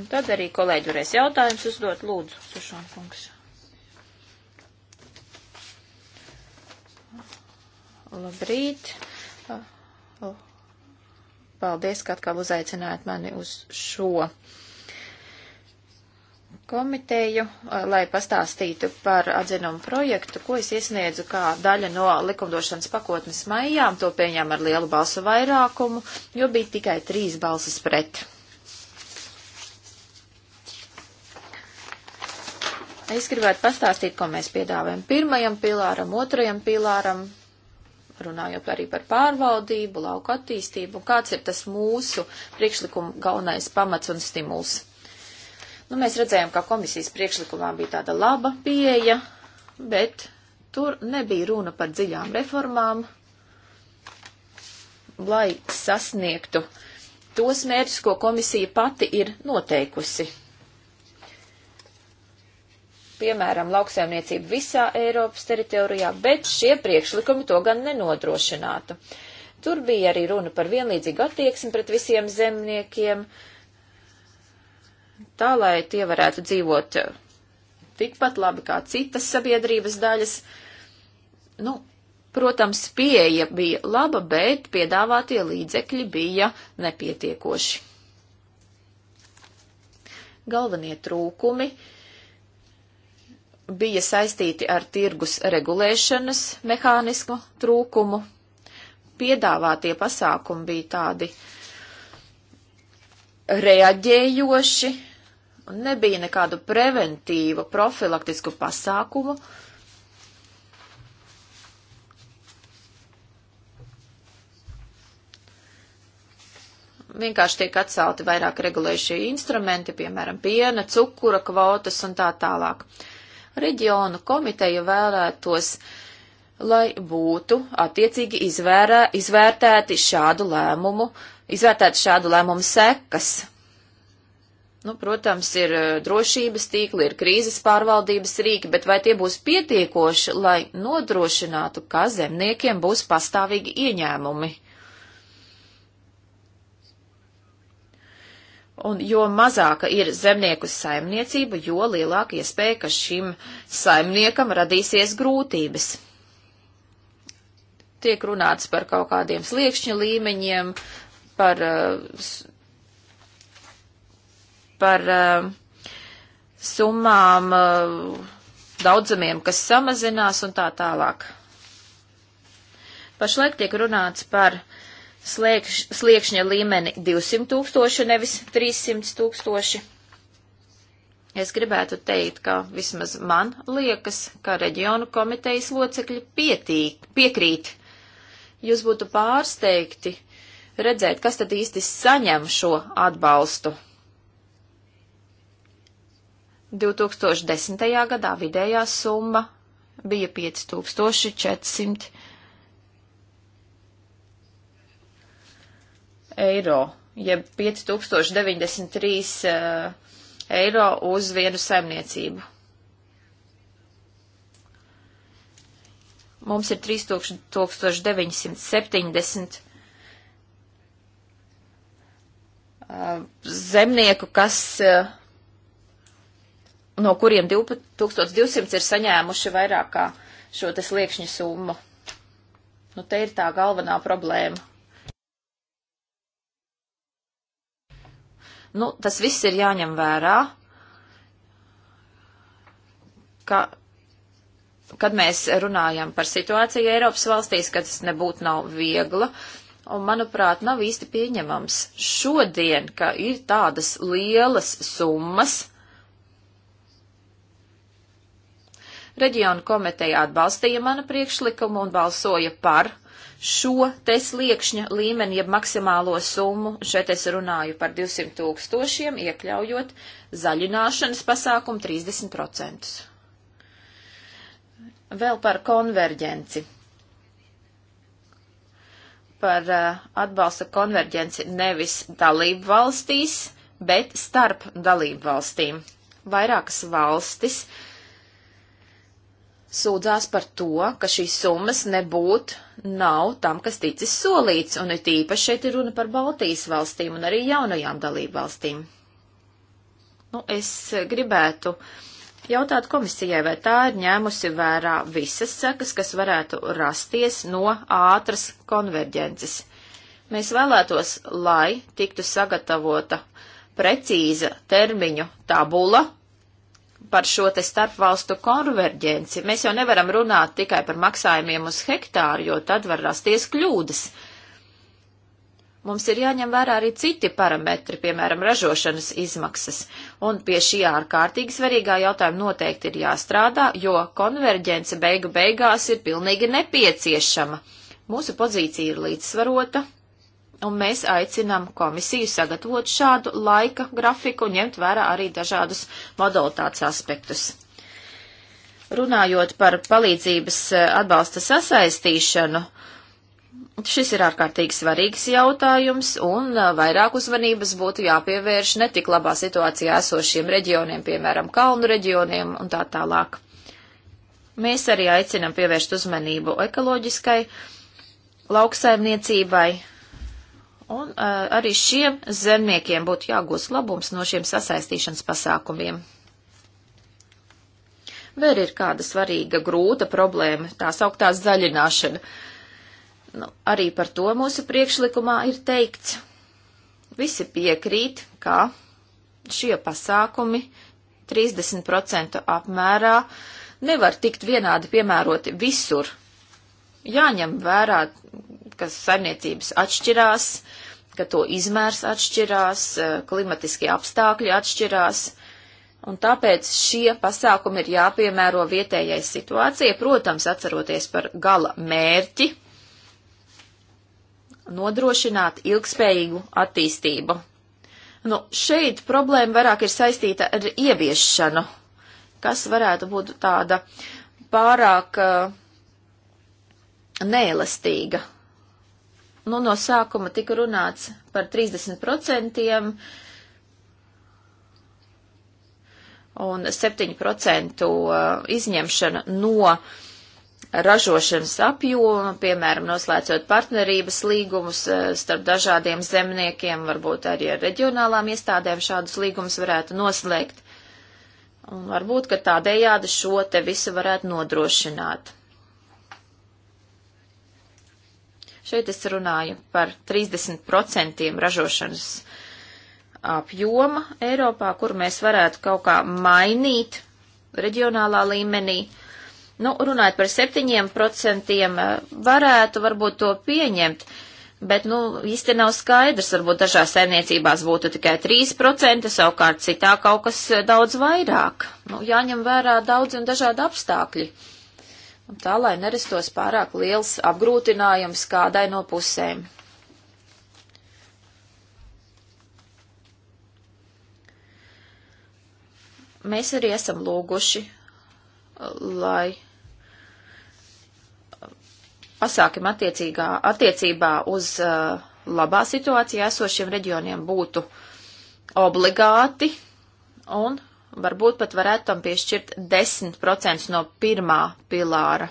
Un tad arī kolēģi varēs jautājumus uzdot. Lūdzu, Sušon kungs. Labrīt. Oh. Paldies, ka atkal uzaicinājāt mani uz šo komiteju, eh, lai pastāstītu par atzinumu projektu, ko es iesniedzu kā daļa no likumdošanas pakotnes maijām. To pieņēma ar lielu balsu vairākumu, jo bija tikai trīs balsis pret. Es gribētu pastāstīt, ko mēs piedāvājam pirmajam pilāram, otrajam pilāram, runājot arī par pārvaldību, lauku attīstību, un kāds ir tas mūsu priekšlikuma galvenais pamats un stimuls. Nu, mēs redzējām, ka komisijas priekšlikumā bija tāda laba pieeja, bet tur nebija runa par dziļām reformām, lai sasniegtu tos mērķus, ko komisija pati ir noteikusi piemēram, lauksaimniecību visā Eiropas teritorijā, bet šie priekšlikumi to gan nenodrošinātu. Tur bija arī runa par vienlīdzīgu attieksmi pret visiem zemniekiem, tā lai tie varētu dzīvot eh, tikpat labi kā citas sabiedrības daļas. Nu, protams, pieeja bija laba, bet piedāvātie līdzekļi bija nepietiekoši. Galvenie trūkumi uh, bija saistīti ar tirgus regulēšanas mehānismu trūkumu. Piedāvātie pasākumi bija tādi reaģējoši, un nebija nekādu preventīvu, profilaktisku pasākumu. Vienkārši tiek atcelti vairāk regulējušie instrumenti, piemēram, piena, cukura kvotas un tā tālāk. Uh, Reģionu komiteja vēlētos, lai būtu attiecīgi izvērā, izvērtēti šādu lēmumu, izvērtēti šādu lēmumu sekas. Nu, protams, ir eh, drošības tīkli, ir krīzes pārvaldības rīki, bet vai tie būs pietiekoši, lai nodrošinātu, ka zemniekiem būs pastāvīgi ieņēmumi? Un jo mazāka ir zemnieku saimniecība, jo lielāka iespēja, ka šim saimniekam radīsies grūtības. Tiek runāts par kaut kādiem sliekšņa līmeņiem, par, uh, par uh, summām uh, daudzumiem, kas samazinās un tā tālāk. Pašlaik tiek runāts par sliekš, sliekšņa līmeni 200 tūkstoši, nevis 300 tūkstoši. Es gribētu teikt, ka vismaz man liekas, ka reģionu komitejas locekļi pietīk, piekrīt. Jūs būtu pārsteigti redzēt, kas tad īsti saņem šo atbalstu. 2010. gadā vidējā summa bija 5400 eiro, jeb 5093 eh, eiro uz vienu saimniecību. Mums ir 3970 eh, zemnieku, kas, eh, no kuriem 1200 ir saņēmuši vairāk kā šo te sliekšņa summu. Nu, te ir tā galvenā problēma. Nu, tas viss ir jāņem vērā, ka, kad mēs runājam par situāciju Eiropas valstīs, ka tas nebūtu nav viegla, un, manuprāt, nav īsti pieņemams šodien, ka ir tādas lielas summas. Reģionu komiteja atbalstīja manu priekšlikumu un balsoja par šo te sliekšņa līmeni, jeb maksimālo summu, šeit es runāju par 200 tūkstošiem, iekļaujot zaļināšanas pasākumu 30%. Vēl par konverģenci. Par uh, atbalsta konverģenci nevis dalību valstīs, bet starp dalību valstīm. Vairākas valstis uh, sūdzās par to, ka šīs summas nebūt nav tam, kas ticis solīts, un it īpaši šeit ir runa par Baltijas valstīm un arī jaunajām dalību valstīm. Nu, es gribētu jautāt komisijai, vai tā ir ņēmusi vērā visas sekas, kas varētu rasties no ātras konverģences. Mēs vēlētos, lai tiktu sagatavota precīza termiņu tabula par šo te starpvalstu konverģenci. Mēs jau nevaram runāt tikai par maksājumiem uz hektāru, jo tad var rasties kļūdas. Mums ir jāņem vērā arī citi parametri, piemēram, ražošanas izmaksas, un pie šī ārkārtīgi svarīgā jautājuma noteikti ir jāstrādā, jo konverģence beigu beigās ir pilnīgi nepieciešama. Mūsu pozīcija ir līdzsvarota, un mēs aicinām komisiju sagatavot šādu laika grafiku un ņemt vērā arī dažādus modalitātes aspektus. Runājot par palīdzības eh, atbalsta sasaistīšanu, šis ir ārkārtīgi svarīgs jautājums, un eh, vairāk uzmanības būtu jāpievērš ne tik labā situācijā esošiem reģioniem, piemēram, kalnu reģioniem un tā tālāk. Mēs arī aicinam pievērst uzmanību ekoloģiskai lauksaimniecībai, Un uh, arī šiem zemniekiem būtu jāgūst labums no šiem sasaistīšanas pasākumiem. Vēl ir kāda svarīga grūta problēma, tā sauktās zaļināšana. Nu, arī par to mūsu priekšlikumā ir teikts. Visi piekrīt, ka šie pasākumi 30% apmērā nevar tikt vienādi piemēroti visur. Jāņem vērā, ka saimniecības atšķirās, uh, ka to izmērs atšķirās, eh, klimatiskie apstākļi atšķirās, un tāpēc šie pasākumi ir jāpiemēro vietējai situācijai, protams, atceroties par gala mērķi nodrošināt ilgspējīgu attīstību. Nu, šeit problēma vairāk ir saistīta ar ieviešanu, kas varētu būt tāda pārāk uh, neelastīga Nu, no sākuma tika runāts par 30% un 7% uh, izņemšana no ražošanas apjoma, piemēram, noslēdzot partnerības līgumus uh, starp dažādiem zemniekiem, varbūt arī ar reģionālām iestādēm šādus līgumus varētu noslēgt. Un varbūt, ka tādējādi šo te visu varētu nodrošināt. Šeit es runāju par 30% ražošanas apjoma Eiropā, kur mēs varētu kaut kā mainīt reģionālā līmenī. Nu, runājot par 7%, varētu varbūt to pieņemt, bet, nu, īsti nav skaidrs, varbūt dažās saimniecībās būtu tikai 3%, savukārt citā kaut kas daudz vairāk. Nu, jāņem vērā daudz un dažādi apstākļi. Uh, tā lai nerastos pārāk liels apgrūtinājums kādai no pusēm. Mēs arī esam lūguši, lai pasākumi attiecībā uz uh, labā situācijā esošiem reģioniem būtu obligāti un Varbūt pat varētu tam piešķirt 10% no pirmā pilāra.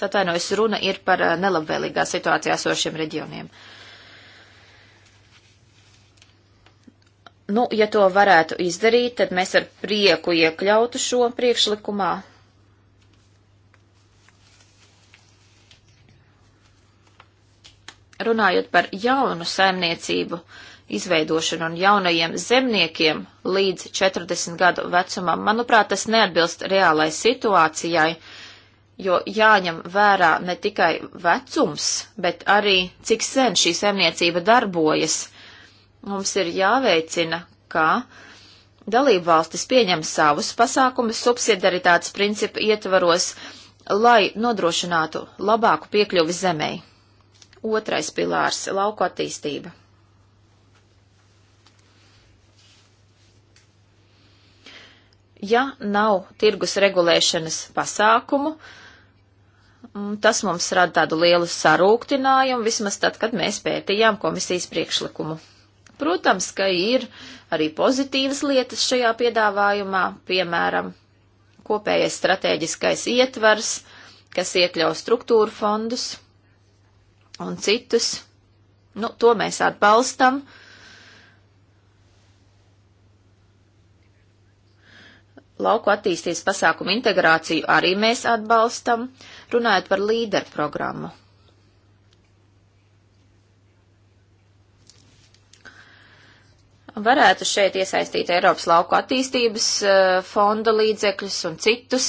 Satvainojas runa ir par eh, nelabvēlīgā situācijā sošiem reģioniem. Nu, ja to varētu izdarīt, tad mēs ar prieku iekļautu šo priekšlikumā. Runājot par jaunu saimniecību, uh, izveidošanu un jaunajiem zemniekiem līdz 40 gadu vecumam, manuprāt, tas neatbilst reālai situācijai, jo jāņem vērā ne tikai vecums, bet arī cik sen šī zemniecība darbojas. Mums ir jāveicina, ka dalību valstis pieņem savus pasākumus subsidiaritātes principu ietvaros, lai nodrošinātu labāku piekļuvi zemei. Otrais pilārs - lauku attīstība. ja nav tirgus regulēšanas pasākumu, tas mums rada tādu lielu sarūktinājumu, vismaz tad, kad mēs pētījām komisijas priekšlikumu. Protams, ka ir arī pozitīvas lietas šajā piedāvājumā, piemēram, kopējais strateģiskais ietvers, kas iekļaus struktūru fondus un citus. Nu, to mēs atbalstam. Uh, Lauku attīstības pasākumu integrāciju arī mēs atbalstam, runājot par līderu programmu. Varētu šeit iesaistīt Eiropas lauku attīstības eh, fonda līdzekļus un citus,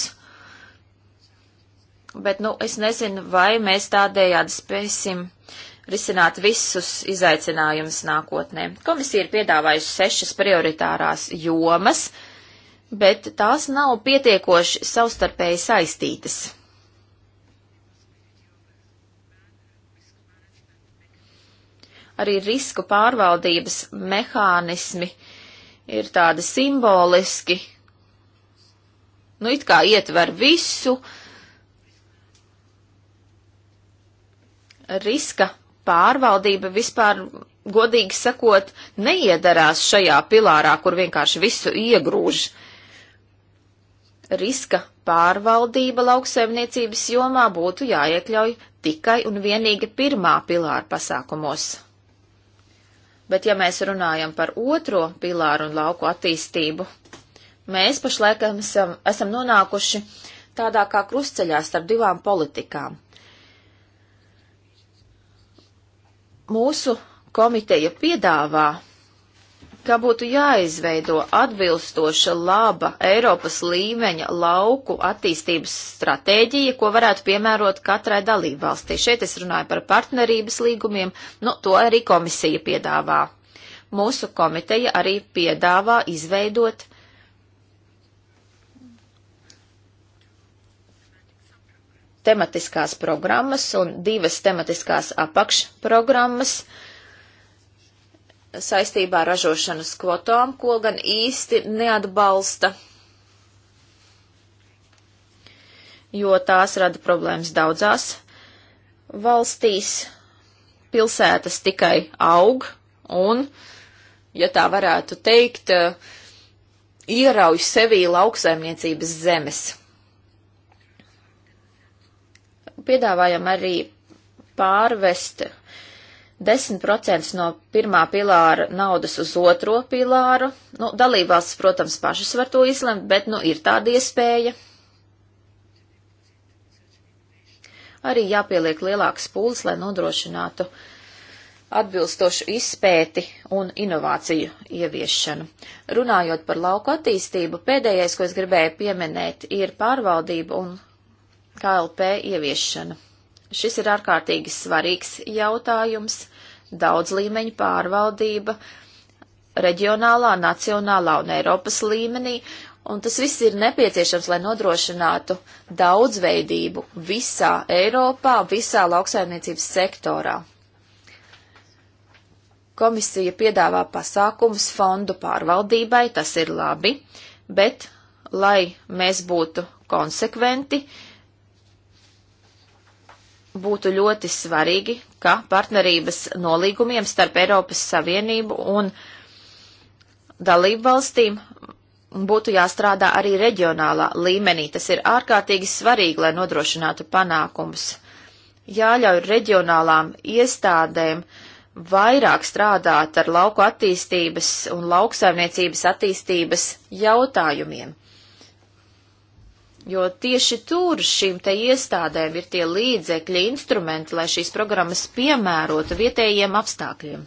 bet, nu, es nezinu, vai mēs tādējādi spēsim risināt visus izaicinājumus nākotnē. Komisija ir piedāvājusi sešas prioritārās jomas, uh, bet tās nav pietiekoši savstarpēji saistītas. Arī risku pārvaldības mehānismi ir tādi simboliski, nu it kā ietver visu riska pārvaldība vispār, godīgi sakot, neiedarās šajā pilārā, kur vienkārši visu iegrūž. Uh, riska pārvaldība lauksaimniecības jomā būtu jāiekļauj tikai un vienīgi pirmā pilāra pasākumos. Bet ja mēs runājam par otro pilāru un lauku attīstību, mēs pašlaik esam, esam nonākuši tādā kā krustceļā starp divām politikām. Mūsu komiteja piedāvā ka būtu jāizveido atbilstoša laba Eiropas līmeņa lauku attīstības stratēģija, ko varētu piemērot katrai dalībvalstī. Šeit es runāju par partnerības līgumiem, nu to arī komisija piedāvā. Mūsu komiteja arī piedāvā izveidot tematiskās programmas un divas tematiskās apakšprogrammas, uh, saistībā ar ražošanas kvotām, ko gan īsti neatbalsta, jo tās rada problēmas daudzās valstīs. Pilsētas tikai aug un, ja tā varētu teikt, eh, ierauj sevī lauksaimniecības zemes. Piedāvājam arī pārvest 10% no pirmā pilāra naudas uz otro pilāru. Nu, dalībvalstis, protams, pašas var to izlemt, bet, nu, ir tāda iespēja. Arī jāpieliek lielāks pūles, lai nodrošinātu atbilstošu izpēti un inovāciju ieviešanu. Runājot par lauku attīstību, pēdējais, ko es gribēju pieminēt, ir pārvaldība un KLP ieviešana. Šis ir ārkārtīgi svarīgs jautājums daudz līmeņu pārvaldība reģionālā, nacionālā un Eiropas līmenī, un tas viss ir nepieciešams, lai nodrošinātu daudzveidību visā Eiropā, visā lauksaimniecības sektorā. Komisija piedāvā pasākumus fondu pārvaldībai, tas ir labi, bet, lai mēs būtu konsekventi, uh, būtu ļoti svarīgi, ka partnerības nolīgumiem starp Eiropas Savienību un dalību valstīm būtu jāstrādā arī reģionālā līmenī. Tas ir ārkārtīgi svarīgi, lai nodrošinātu panākumus. Jāļauj reģionālām iestādēm vairāk strādāt ar lauku attīstības un lauksaimniecības attīstības jautājumiem. Jo tieši tur šīm te iestādēm ir tie līdzekļi, instrumenti, lai šīs programmas piemērotu vietējiem apstākļiem.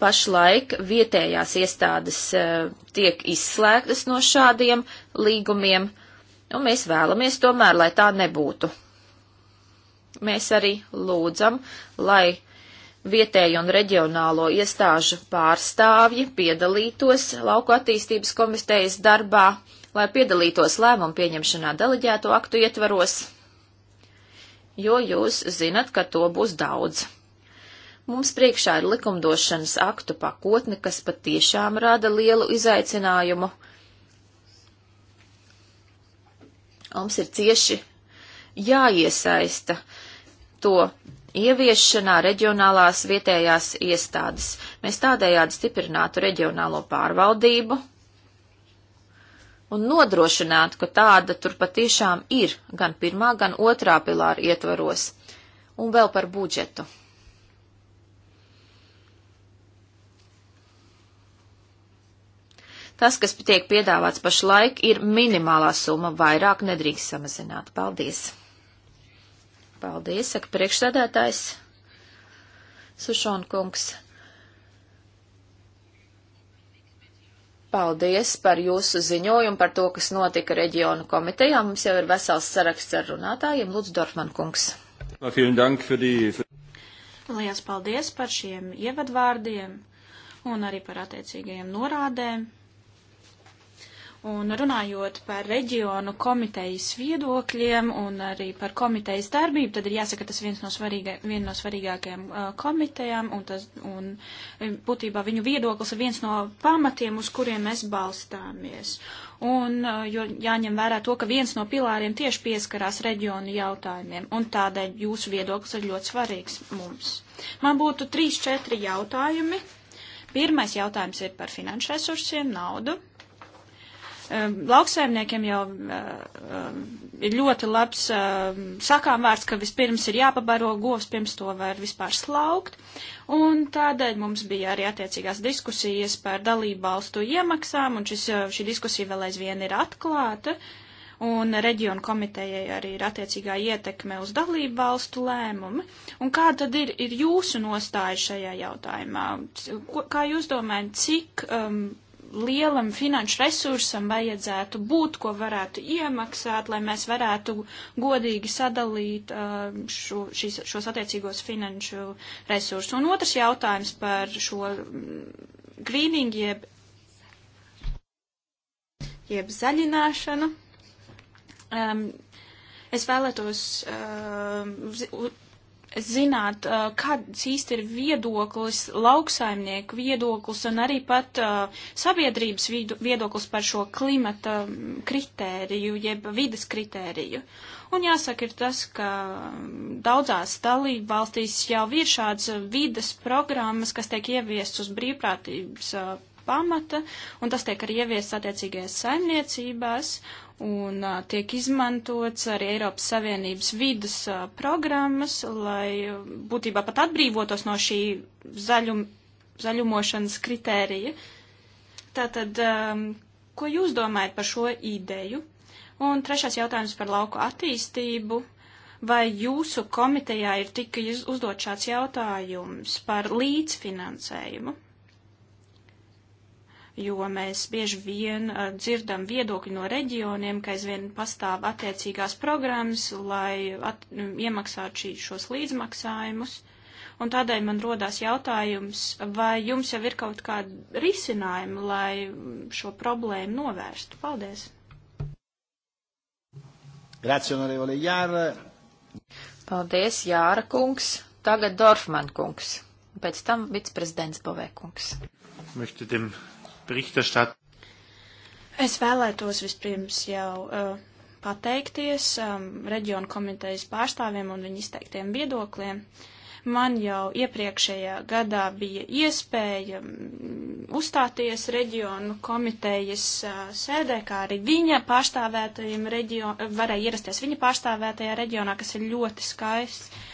Pašlaik vietējās iestādes e, tiek izslēgtas no šādiem līgumiem, un mēs vēlamies tomēr, lai tā nebūtu. Mēs arī lūdzam, lai vietēju un reģionālo iestāžu pārstāvji piedalītos lauku attīstības komitejas darbā, lai piedalītos lēmumu pieņemšanā deleģēto aktu ietvaros, jo jūs zinat, ka to būs daudz. Mums priekšā ir likumdošanas aktu pakotne, kas patiešām rada lielu izaicinājumu. Mums ir cieši jāiesaista to ieviešanā reģionālās vietējās iestādes. Mēs tādējādi stiprinātu reģionālo pārvaldību un nodrošinātu, ka tāda tur patiešām ir gan pirmā, gan otrā pilāra ietvaros. Un vēl par budžetu. Tas, kas tiek piedāvāts pašlaik, ir minimālā summa, vairāk nedrīkst samazināt. Paldies! Paldies, saka priekšsēdētājs Sušona kungs. Paldies par jūsu ziņojumu par to, kas notika reģionu komitejā. Mums jau ir vesels saraksts ar runātājiem. Lūdzu, Dorfman kungs. Lielas paldies par šiem ievadvārdiem un arī par attiecīgajiem norādēm. Un runājot par reģionu komitejas viedokļiem un arī par komitejas darbību, tad ir jāsaka, tas viens no, svarīgā, vien no svarīgākajiem uh, komitejām, un, tas, un e, būtībā viņu viedoklis ir viens no pamatiem, uz kuriem mēs balstāmies. Un uh, jo jāņem vērā to, ka viens no pilāriem tieši pieskarās reģionu jautājumiem, un tādēļ jūsu viedoklis ir ļoti svarīgs mums. Man būtu trīs, četri jautājumi. Pirmais jautājums ir par finanšu resursiem, naudu. Ehm, lauksaimniekiem jau ehm, ir ļoti labs ehm, sakām vārds, ka vispirms ir jāpabaro govs, pirms to var vispār slaukt. Un tādēļ mums bija arī attiecīgās diskusijas par dalību balstu iemaksām, un šis, šī diskusija vēl aizvien ir atklāta. Un reģionu komitejai arī ir attiecīgā ietekme uz dalību valstu lēmumi. Un kā tad ir, ir jūsu nostāja šajā jautājumā? Ko, kā jūs domājat, cik um, lielam finanšu resursam vajadzētu būt, ko varētu iemaksāt, lai mēs varētu godīgi sadalīt uh, šo, šis, šos attiecīgos finanšu resursus. Un otrs jautājums par šo mm, grīningu jeb, jeb zaļināšanu. Um, es vēlētos uh, zināt, uh, kāds īsti ir viedoklis, lauksaimnieku viedoklis un arī pat uh, sabiedrības viedoklis par šo klimata um, kritēriju, jeb vidas kritēriju. Un jāsaka ir tas, ka um, daudzās dalību valstīs jau ir šāds uh, vidas programmas, kas tiek ieviests uz brīvprātības uh, pamata, un tas tiek arī ieviests attiecīgajās saimniecībās, un uh, tiek izmantots arī Eiropas Savienības vidas uh, programmas, lai būtībā pat atbrīvotos no šī zaļum, zaļumošanas kritērija. Tātad, um, ko jūs domājat par šo ideju? Un trešais jautājums par lauku attīstību. Vai jūsu komitejā ir tika uzdot šāds jautājums par līdzfinansējumu? jo mēs bieži vien uh, dzirdam viedokļi no reģioniem, ka aizvien pastāv attiecīgās programmas, lai at, mm, iemaksātu šī, šos līdzmaksājumus. Un tādēļ man rodās jautājums, vai jums jau ir kaut kāda risinājuma, lai mm, šo problēmu novērstu? Paldies! Grazie, onorevole Jāra. Paldies, Jāra kungs. Tagad Dorfman kungs. Pēc tam viceprezidents Bovē kungs. Möchte dem Berichterstatter. Es vēlētos vispirms jau uh, pateikties um, reģionu komitejas pārstāvjiem un viņu izteiktiem viedokļiem. Man jau iepriekšējā gadā bija iespēja mm, uzstāties reģionu komitejas uh, sēdē, kā arī viņa pārstāvētajiem reģionam, varēja ierasties viņa pārstāvētajā reģionā, kas ir ļoti skaists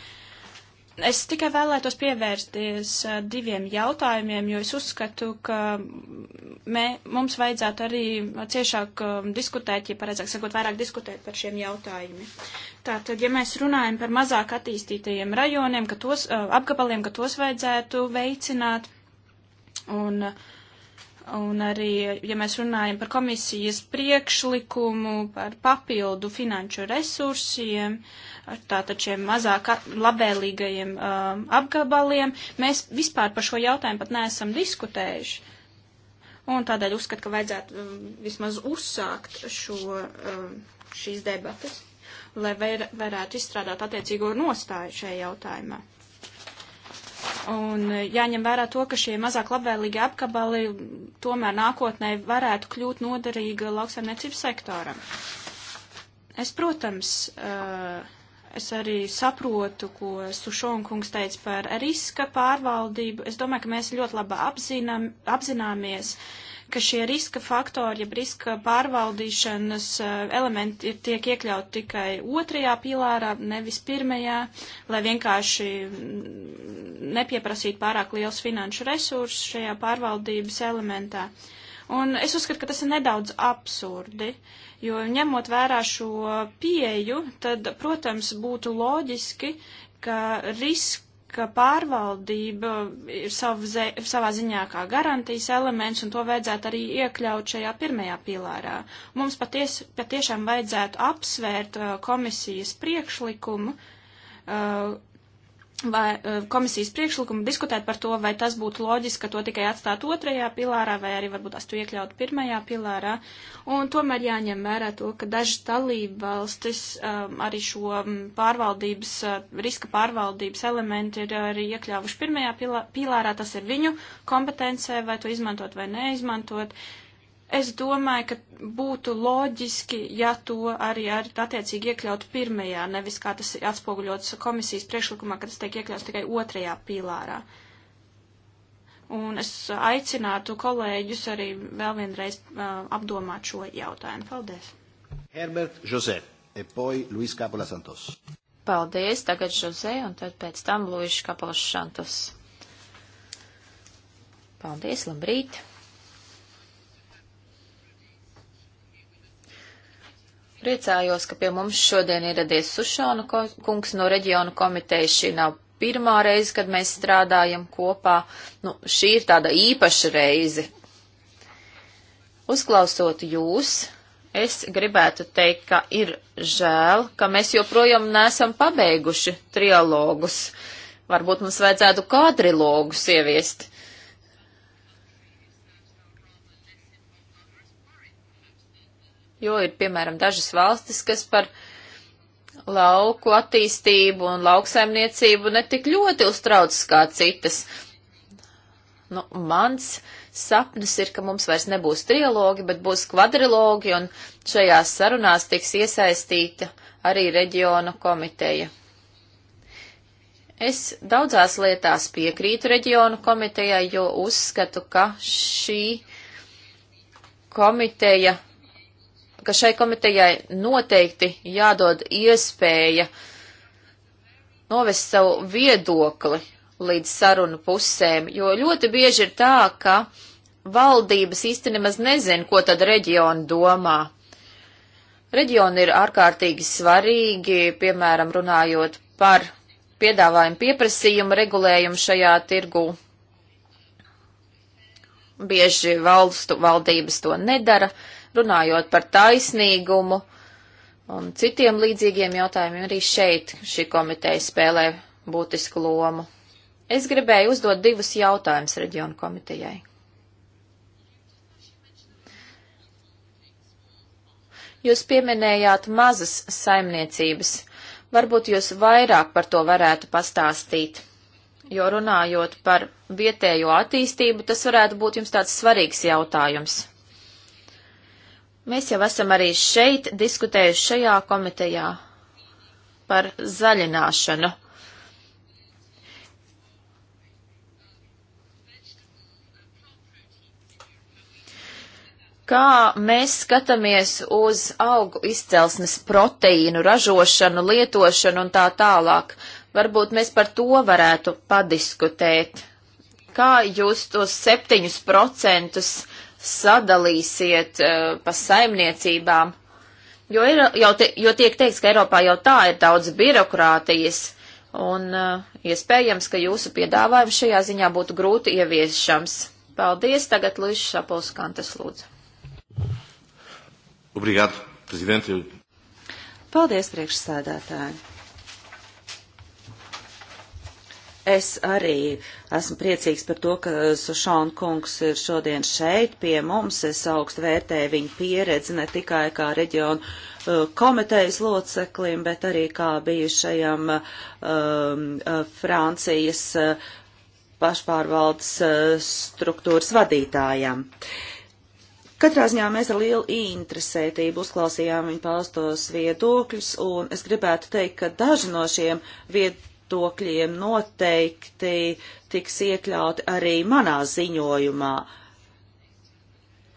Es tikai vēlētos pievērsties eh, diviem jautājumiem, jo es uzskatu, ka mē, mums vajadzētu arī ciešāk eh, diskutēt, ja pareizāk sakot, vairāk diskutēt par šiem jautājumiem. Tātad, ja mēs runājam par mazāk attīstītajiem rajoniem, ka tos, eh, apgabaliem, ka tos vajadzētu veicināt, un uh, Un arī, ja mēs runājam par komisijas priekšlikumu, par papildu finanšu resursiem, tātad šiem mazāk labvēlīgajiem um, apgabaliem, mēs vispār par šo jautājumu pat neesam diskutējuši. Un tādēļ uzskatu, ka vajadzētu um, vismaz uzsākt šo, um, šīs debatas, lai var, varētu izstrādāt attiecīgo nostāju šajā jautājumā. Un eh, jāņem vērā to, ka šie mazāk labvēlīgi apkabali tomēr nākotnē varētu kļūt noderīga lauksaimniecības sektoram. Es, protams, eh, es arī saprotu, ko Sušonkungs teica par riska pārvaldību. Es domāju, ka mēs ļoti labi apzinām, apzināmies, uh, ka šie riska faktori, ja riska pārvaldīšanas eh, elementi ir tiek iekļaut tikai otrajā pilārā, nevis pirmajā, lai vienkārši mm, nepieprasītu pārāk liels finanšu resursus šajā pārvaldības elementā. Un es uzskatu, ka tas ir nedaudz absurdi, jo ņemot vērā šo pieju, tad, protams, būtu loģiski, ka riska ka pārvaldība ir zē, savā ziņā kā garantijas elements, un to vajadzētu arī iekļaut šajā pirmajā pilārā. Mums paties, patiešām vajadzētu apsvērt uh, komisijas priekšlikumu, uh, vai eh, komisijas priekšlikumu diskutēt par to, vai tas būtu loģiski, ka to tikai atstāt otrajā pilārā, vai arī varbūt tās to iekļaut pirmajā pilārā. Un tomēr jāņem vērā to, ka dažas dalība valstis um, arī šo mm, pārvaldības, eh, riska pārvaldības elementu ir arī iekļāvuši pirmajā pilārā, tas ir viņu kompetencē, vai to izmantot vai neizmantot. Uh, Es domāju, ka būtu loģiski, ja to arī ar attiecīgi iekļautu pirmajā, nevis kā tas atspoguļots komisijas priekšlikumā, ka tas tiek iekļauts tikai otrajā pīlārā. Un es aicinātu kolēģus arī vēl vienreiz uh, apdomāt šo jautājumu. Paldies! Herbert Jose, e poi Luis Capola Santos. Paldies, tagad Jose, un tad pēc tam Luis Capola Santos. Paldies, labrīt! Priecājos, ka pie mums šodien ieradies Sušānu kungs no reģionu komitejas. Šī nav pirmā reize, kad mēs strādājam kopā. Nu, šī ir tāda īpaša reize. Uzklausot jūs, es gribētu teikt, ka ir žēl, ka mēs joprojām nesam pabeiguši trialogus. Varbūt mums vajadzētu kādrilogus ieviest. jo ir, piemēram, dažas valstis, kas par lauku attīstību un lauksaimniecību netik ļoti uztraucas kā citas. Nu, mans sapnis ir, ka mums vairs nebūs trilogi, bet būs kvadrilogi, un šajās sarunās tiks iesaistīta arī reģiona komiteja. Es daudzās lietās piekrītu reģionu komitejai, jo uzskatu, ka šī komiteja ka šai komitejai noteikti jādod iespēja novest savu viedokli līdz sarunu pusēm, jo ļoti bieži ir tā, ka valdības īsti nemaz nezin, ko tad reģioni domā. Reģioni ir ārkārtīgi svarīgi, piemēram, runājot par piedāvājumu pieprasījumu regulējumu šajā tirgu. Bieži valstu valdības to nedara, uh, runājot par taisnīgumu un citiem līdzīgiem jautājumiem, arī šeit šī komiteja spēlē būtisku lomu. Es gribēju uzdot divus jautājumus reģionu komitejai. Jūs pieminējāt mazas saimniecības. Varbūt jūs vairāk par to varētu pastāstīt jo runājot par vietējo attīstību, tas varētu būt jums tāds svarīgs jautājums. Mēs jau esam arī šeit diskutējuši šajā komitejā par zaļināšanu. Kā mēs skatāmies uz augu izcelsmes proteīnu ražošanu, lietošanu un tā tālāk? Varbūt mēs par to varētu padiskutēt. Kā jūs tos septiņus procentus sadalīsiet uh, pa saimniecībām, jo, ir, jau te, jo tiek teikts, ka Eiropā jau tā ir daudz birokrātijas, un uh, iespējams, ka jūsu piedāvājums šajā ziņā būtu grūti ieviešams. Paldies, tagad Luis Šapols Kantas lūdzu. Obrigado, prezidente. Paldies, priekšsēdētāji. Es arī esmu priecīgs par to, ka Sušāna kungs ir šodien šeit pie mums. Es augstu vērtēju viņa pieredzi ne tikai kā reģionu uh, komitejas loceklim, bet arī kā bijušajam uh, um, uh, Francijas pašpārvaldes struktūras vadītājam. Katrā ziņā mēs ar lielu interesētību uzklausījām viņa paustos viedokļus, un es gribētu teikt, ka daži no šiem viedokļiem viedokļiem noteikti tiks iekļauti arī manā ziņojumā.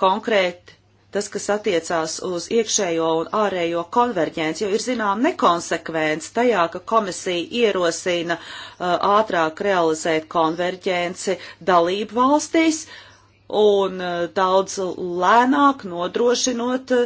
Konkrēti tas, kas attiecās uz iekšējo un ārējo konverģenci, jo ir zinām nekonsekvence tajā, ka komisija ierosina uh, ātrāk realizēt konverģenci dalību valstīs un uh, daudz lēnāk nodrošinot uh,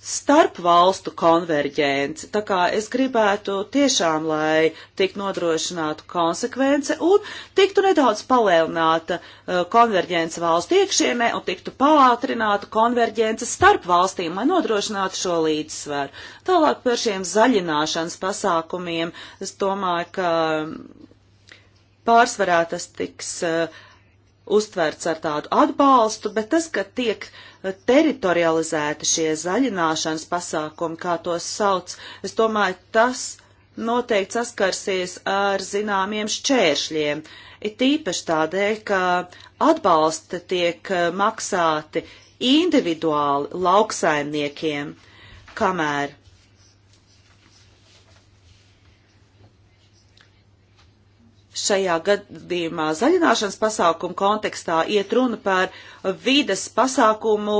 starp valstu konverģence, tā kā es gribētu tiešām, lai tiktu nodrošinātu konsekvence un tiktu nedaudz palielināta uh, konverģence valstu iekšienē un tiktu pātrināta konverģence starp valstīm, lai nodrošinātu šo līdzsvaru. Tālāk par šiem zaļināšanas pasākumiem, es domāju, ka um, pārsvarā tas tiks uh, uztverts ar tādu atbalstu, bet tas, ka tiek eh, teritorializēti šie zaļināšanas pasākumi, kā tos sauc, es domāju, tas noteikti saskarsies ar zināmiem šķēršļiem. Ir tīpaši tādēļ, ka atbalsta tiek eh, maksāti individuāli lauksaimniekiem, kamēr šajā gadījumā zaļināšanas pasākumu kontekstā iet runa par vides pasākumu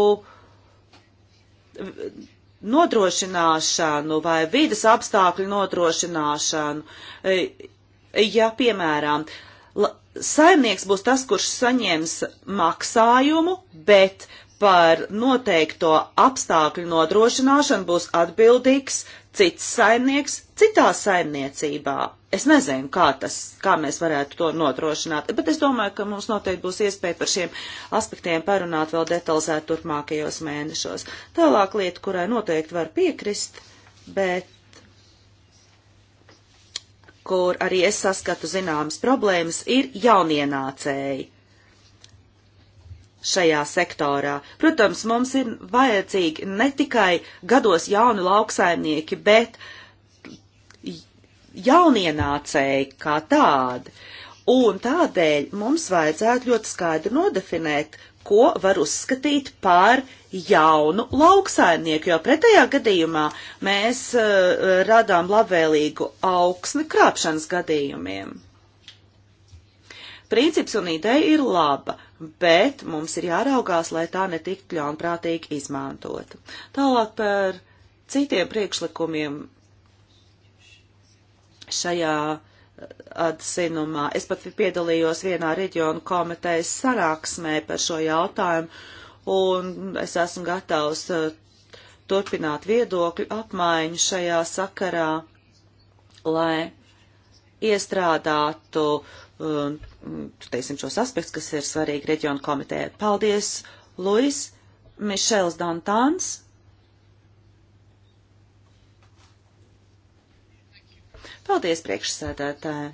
nodrošināšanu vai vides apstākļu nodrošināšanu. E, ja, piemēram, saimnieks būs tas, kurš saņems maksājumu, bet par noteikto apstākļu nodrošināšanu būs atbildīgs cits saimnieks citā saimniecībā. Es nezinu, kā, tas, kā mēs varētu to nodrošināt, bet es domāju, ka mums noteikti būs iespēja par šiem aspektiem parunāt vēl detalizēt turpmākajos mēnešos. Tālāk lieta, kurai noteikti var piekrist, bet kur arī es saskatu zināmas problēmas, ir jaunienācēji šajā sektorā. Protams, mums ir vajadzīgi ne tikai gados jauni lauksaimnieki, bet jaunienācēji kā tādi. Un tādēļ mums vajadzētu ļoti skaidri nodefinēt, ko var uzskatīt par jaunu lauksaimnieku, jo pretējā gadījumā mēs uh, radām labvēlīgu augsni krāpšanas gadījumiem. Princips un ideja ir laba, bet mums ir jāraugās, lai tā netiktu ļaunprātīgi izmantota. Tālāk par citiem priekšlikumiem šajā eh, atzinumā. Es pat piedalījos vienā reģionu komitejas sanāksmē par šo jautājumu, un es esmu gatavs eh, turpināt viedokļu apmaiņu šajā sakarā, lai iestrādātu uh, Mm, teiksim, šos aspektus, kas ir svarīgi reģionu komitē. Paldies, Luis, Mišels Dantāns. Paldies, priekšsēdētāji.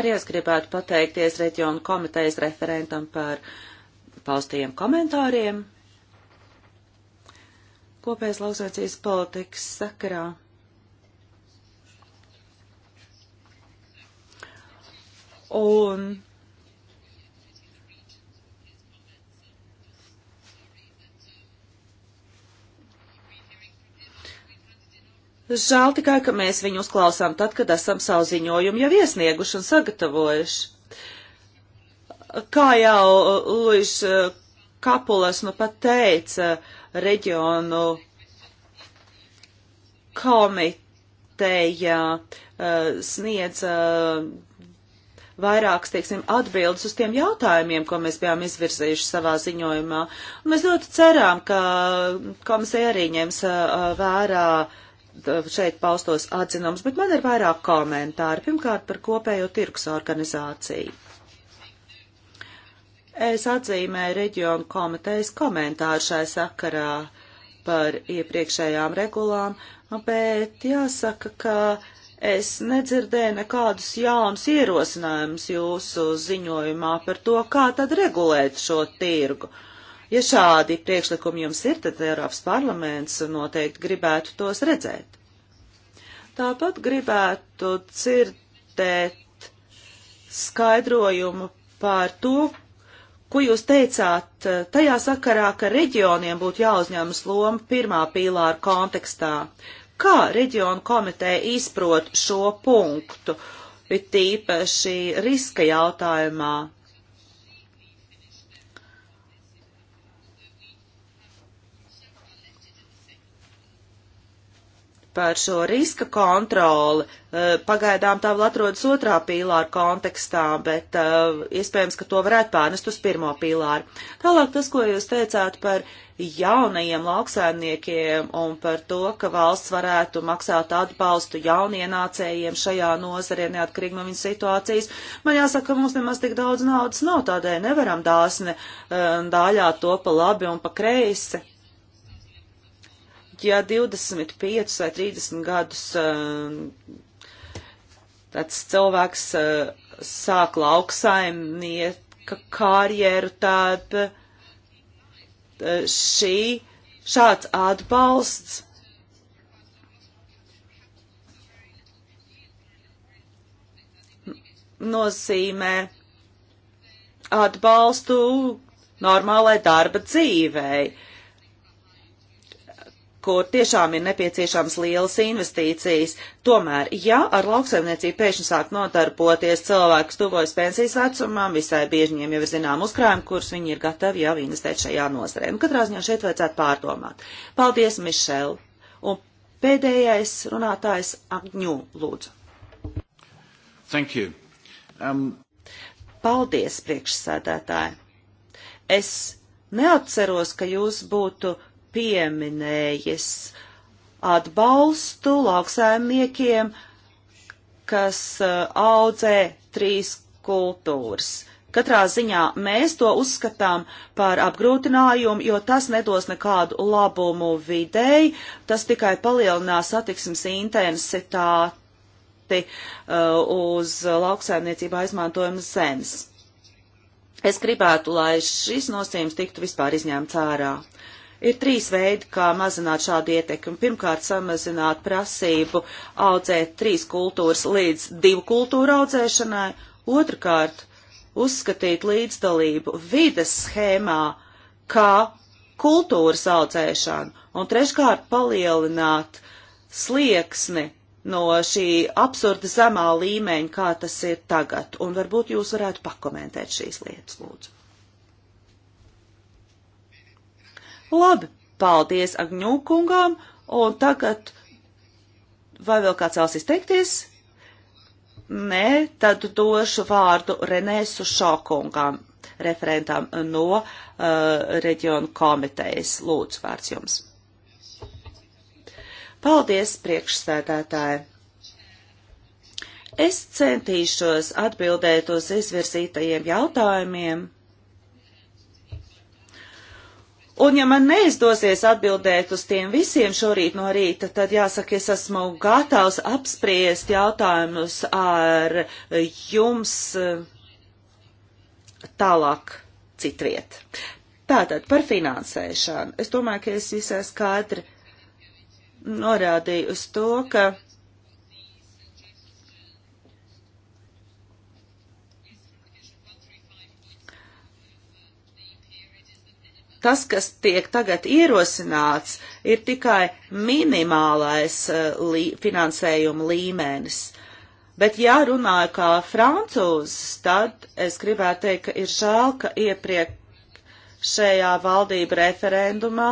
Arī es gribētu pateikties reģionu komitejas referentam par paustajiem komentāriem kopējas lauksaimniecības politikas sakarā. Un Žēl tikai, ka mēs viņu uzklausām tad, kad esam savu ziņojumu jau iesnieguši un sagatavojuši. Kā jau Luis eh, Kapulas nu pat teica, reģionu komiteja eh, sniedza vairākas, teiksim, atbildes uz tiem jautājumiem, ko mēs bijām izvirzījuši savā ziņojumā. Un mēs ļoti cerām, ka komisija arī ņems uh, uh, vērā uh, šeit paustos atzinums, bet man ir vairāk komentāri. Pirmkārt, par kopējo tirgus organizāciju. Es atzīmēju reģionu komitejas komentāru šai sakarā par iepriekšējām regulām, bet jāsaka, ka Es nedzirdēju nekādus jaunus ierosinājumus jūsu ziņojumā par to, kā tad regulēt šo tirgu. Ja šādi priekšlikumi jums ir, tad Eiropas parlaments noteikti gribētu tos redzēt. Tāpat gribētu dzirdēt skaidrojumu par to, ko jūs teicāt eh, tajā sakarā, ka reģioniem būtu jāuzņemas loma pirmā pīlāra kontekstā. Uh, kā reģionu komiteja izprot šo punktu, it īpaši riska jautājumā, par šo riska kontroli. Eh, pagaidām tā vēl atrodas otrā pīlāra kontekstā, bet uh, iespējams, ka to varētu pārnest uz pirmo pīlāru. Tālāk tas, ko jūs teicāt par jaunajiem lauksēmniekiem un par to, ka valsts varētu maksāt atbalstu jaunienācējiem šajā nozarē neatkarīgi no viņas situācijas. Man jāsaka, ka mums nemaz tik daudz naudas nav, tādēļ nevaram dāsni eh, dāļāt to pa labi un pa kreisi ja 25 vai 30 gadus eh, tāds cilvēks eh, sāk lauksaimnieka karjeru, tad eh, šī šāds atbalsts nozīmē atbalstu normālai darba dzīvēi. Uh, kur tiešām ir nepieciešams lielas investīcijas. Tomēr, ja ar lauksaimniecību pēkšņi sāk notarpoties cilvēks tuvojas pensijas vecumam, visai bieži viņiem jau ir zinām uzkrājumi, kurus viņi ir gatavi jau investēt šajā nozarē. Un nu, katrā ziņā šeit vajadzētu pārdomāt. Paldies, Mišel! Un pēdējais runātājs Agņū, lūdzu. Thank you. Um... Paldies, priekšsēdētāji! Es neatceros, ka jūs būtu pieminējis atbalstu lauksaimniekiem, kas uh, audzē trīs kultūras. Katrā ziņā mēs to uzskatām par apgrūtinājumu, jo tas nedos nekādu labumu videi, tas tikai palielinās attiksmes intensitāti uh, uz lauksaimniecībā izmantojumu zemes. Es gribētu, lai šis nosījums tiktu vispār izņemts ārā. Uh, Ir trīs veidi, kā mazināt šādu ietekmi. Pirmkārt, samazināt prasību audzēt trīs kultūras līdz divu kultūru audzēšanai. Otrakārt, uzskatīt līdzdalību vides schēmā kā kultūras audzēšanu. Un treškārt, palielināt slieksni no šī absurda zemā līmeņa, kā tas ir tagad. Un varbūt jūs varētu pakomentēt šīs lietas, lūdzu. Labi, paldies Agņūkungām, un tagad vai vēl kāds vēlas izteikties? Nē, tad došu vārdu Renēsu Šokungam, referentam no uh, reģionu komitejas. Lūdzu, vārds jums. Paldies, priekšsēdētāji. Es centīšos atbildēt uz izvirzītajiem jautājumiem Un ja man neizdosies atbildēt uz tiem visiem šorīt no rīta, tad jāsaka, es esmu gatavs apspriest jautājumus ar jums eh, tālāk citviet. Tātad par finansēšanu. Es domāju, ka es visai skaidri norādīju uz to, ka tas, kas tiek tagad ierosināts, ir tikai minimālais eh, lī, finansējuma līmenis. Bet, ja runāju kā francūzis, tad es gribētu teikt, ka ir žēl, ka iepriekšējā valdība referendumā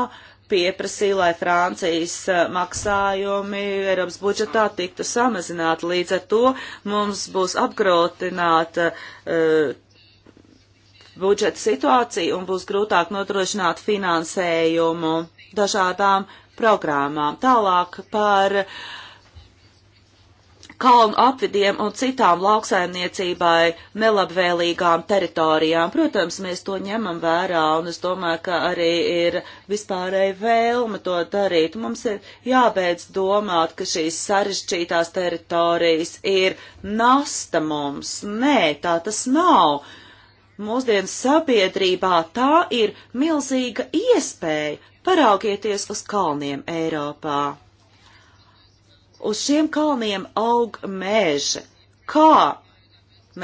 pieprasīja, lai Francijas eh, maksājumi Eiropas budžetā tiktu samazināti. Līdz ar to mums būs apgrūtināta uh, budžeta situāciju un būs grūtāk nodrošināt finansējumu dažādām programmām. Tālāk par kalnu apvidiem un citām lauksaimniecībai nelabvēlīgām teritorijām. Protams, mēs to ņemam vērā, un es domāju, ka arī ir vispārēja vēlme to darīt. Mums ir jābeidz domāt, ka šīs sarežģītās teritorijas ir nasta mums. Nē, tā tas nav mūsdienu sabiedrībā tā ir milzīga iespēja paraugieties uz kalniem Eiropā. Uz šiem kalniem aug mēži. Kā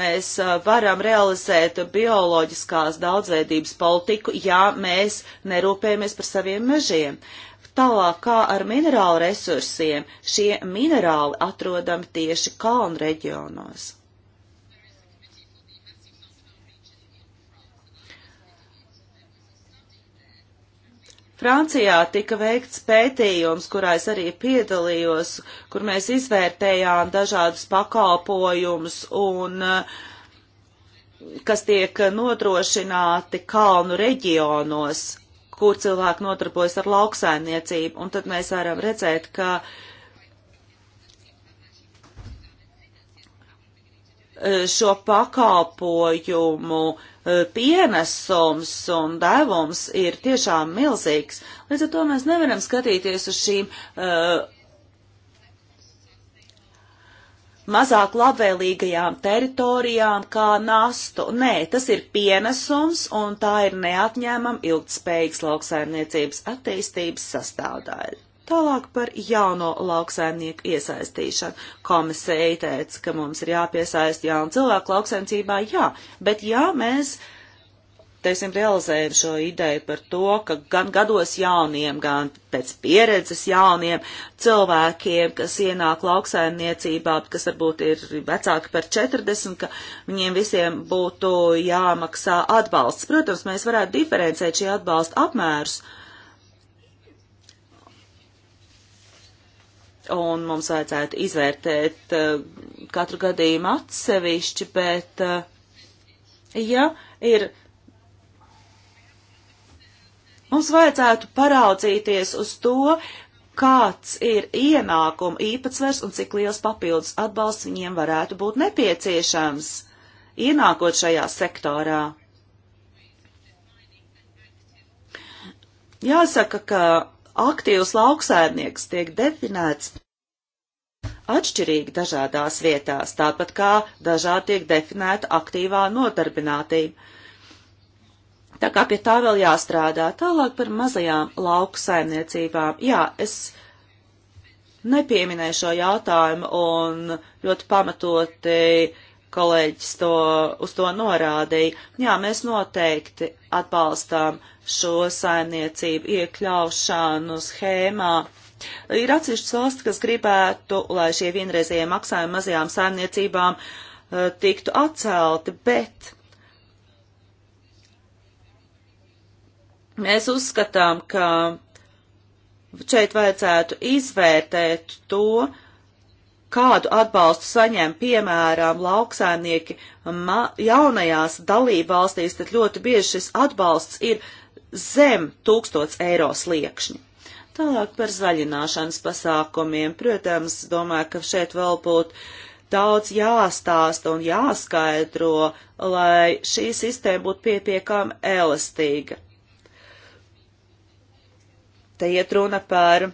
mēs uh, varam realizēt bioloģiskās daudzveidības politiku, ja mēs nerūpējamies par saviem mežiem? Tālāk kā ar minerālu resursiem, šie minerāli atrodami tieši kalnu reģionos. Francijā tika veikts pētījums, kurā es arī piedalījos, kur mēs izvērtējām dažādus pakalpojumus un uh, kas tiek nodrošināti kalnu reģionos, kur cilvēki notarbojas ar lauksaimniecību, un tad mēs varam redzēt, ka eh, šo pakalpojumu uh, pienesums un devums ir tiešām milzīgs. Līdz ar to mēs nevaram skatīties uz šīm uh, mazāk labvēlīgajām teritorijām kā nastu. Nē, tas ir pienesums un tā ir neatņēmama ilgtspējīgas lauksaimniecības attīstības sastāvdaļa. Tālāk par jauno lauksaimnieku iesaistīšanu. Komisija teica, ka mums ir jāpiesaist jaunu cilvēku lauksaimniecībā, jā, bet jā, mēs, teiksim, realizējam šo ideju par to, ka gan gados jauniem, gan pēc pieredzes jauniem cilvēkiem, kas ienāk lauksaimniecībā, kas varbūt ir vecāki par 40, ka viņiem visiem būtu jāmaksā atbalsts. Protams, mēs varētu diferencēt šī atbalsta apmērus un mums vajadzētu izvērtēt eh, katru gadījumu atsevišķi, bet eh, ja ir. Mums vajadzētu paraudzīties uz to, kāds ir ienākuma īpatsvers un cik liels papildus atbalsts viņiem varētu būt nepieciešams, ienākot šajā sektorā. Jāsaka, ka aktīvs lauksēmnieks tiek definēts atšķirīgi dažādās vietās, tāpat kā dažādi tiek definēta aktīvā nodarbinātība. Tā kā pie tā vēl jāstrādā tālāk par mazajām lauksaimniecībām. Jā, es nepieminēju šo jautājumu un ļoti pamatoti kolēģis to, uz to norādīja. Jā, mēs noteikti atbalstām šo saimniecību iekļaušanu schēmā. Ir atsevišķas valsts, kas gribētu, lai šie vienreizējie maksājumi mazajām saimniecībām uh, tiktu atcelti, bet mēs uzskatām, ka šeit vajadzētu izvērtēt to, uh, kādu atbalstu saņem, piemēram, lauksaimnieki jaunajās dalībvalstīs, tad ļoti bieži šis atbalsts ir zem 1000 eiro sliekšņa. Tālāk par zaļināšanas pasākumiem. Protams, domāju, ka šeit vēl būtu daudz jāstāsta un jāskaidro, lai šī sistēma būtu piepiekami elastīga. Te iet runa par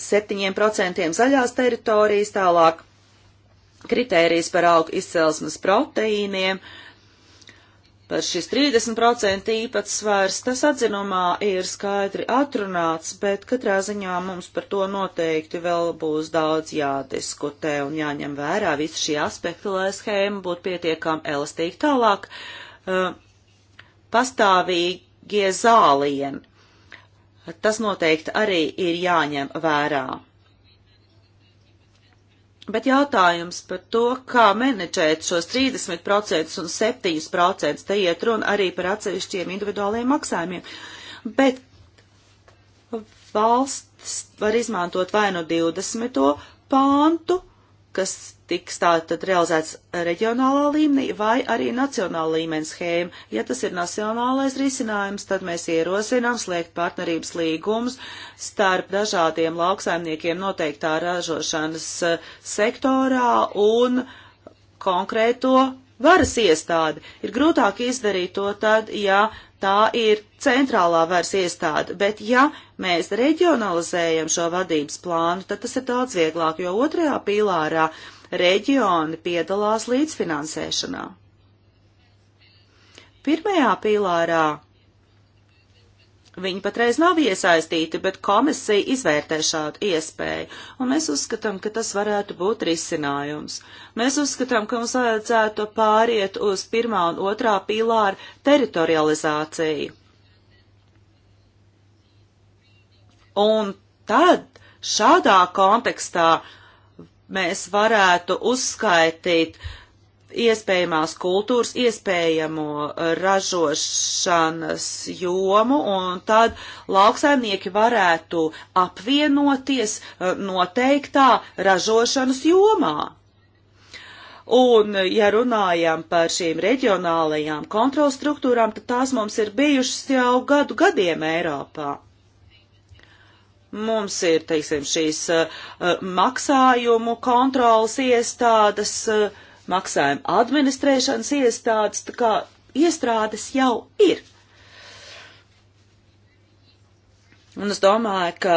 7% zaļās teritorijas, tālāk kritērijas par augu izcelsmes proteīniem, par šis 30% īpatsvars, tas atzinumā ir skaidri atrunāts, bet katrā ziņā mums par to noteikti vēl būs daudz jādiskutē un jāņem vērā visi šie aspekti, lai schēma būtu pietiekami elastīga. Tālāk, uh, pastāvīgie zālieni. Tas noteikti arī ir jāņem vērā. Bet jautājums par to, kā menedžēt šos 30% un 7%, te iet runa arī par atsevišķiem individuāliem maksājumiem. Bet valsts var izmantot vai nu no 20. pāntu, kas tiks tātad realizēts reģionālā līmenī vai arī nacionāla līmeņa schēma. Ja tas ir nacionālais risinājums, tad mēs ierosinām slēgt partnerības līgumus starp dažādiem lauksaimniekiem noteiktā ražošanas eh, sektorā un konkrēto varas iestādi. Ir grūtāk izdarīt to tad, ja tā ir centrālā varas iestāde, bet ja mēs reģionalizējam šo vadības plānu, tad tas ir daudz vieglāk, jo otrajā pīlārā reģioni piedalās līdzfinansēšanā. Pirmajā pīlārā Viņi patreiz nav iesaistīti, bet komisija izvērtē šādu iespēju, un mēs uzskatām, ka tas varētu būt risinājums. Mēs uzskatām, ka mums vajadzētu pāriet uz pirmā un otrā pīlāra teritorializāciju. Un tad šādā kontekstā mēs varētu uzskaitīt uh, iespējamās kultūras, iespējamo ražošanas jomu, un tad lauksaimnieki varētu apvienoties eh, noteiktā ražošanas jomā. Un, ja runājam par šīm reģionālajām kontrols struktūrām, tad tās mums ir bijušas jau gadu gadiem Eiropā. Mums ir, teiksim, šīs uh, maksājumu kontrols iestādes, uh, maksājuma administrēšanas iestādes, tā kā iestrādes jau ir. Un es domāju, ka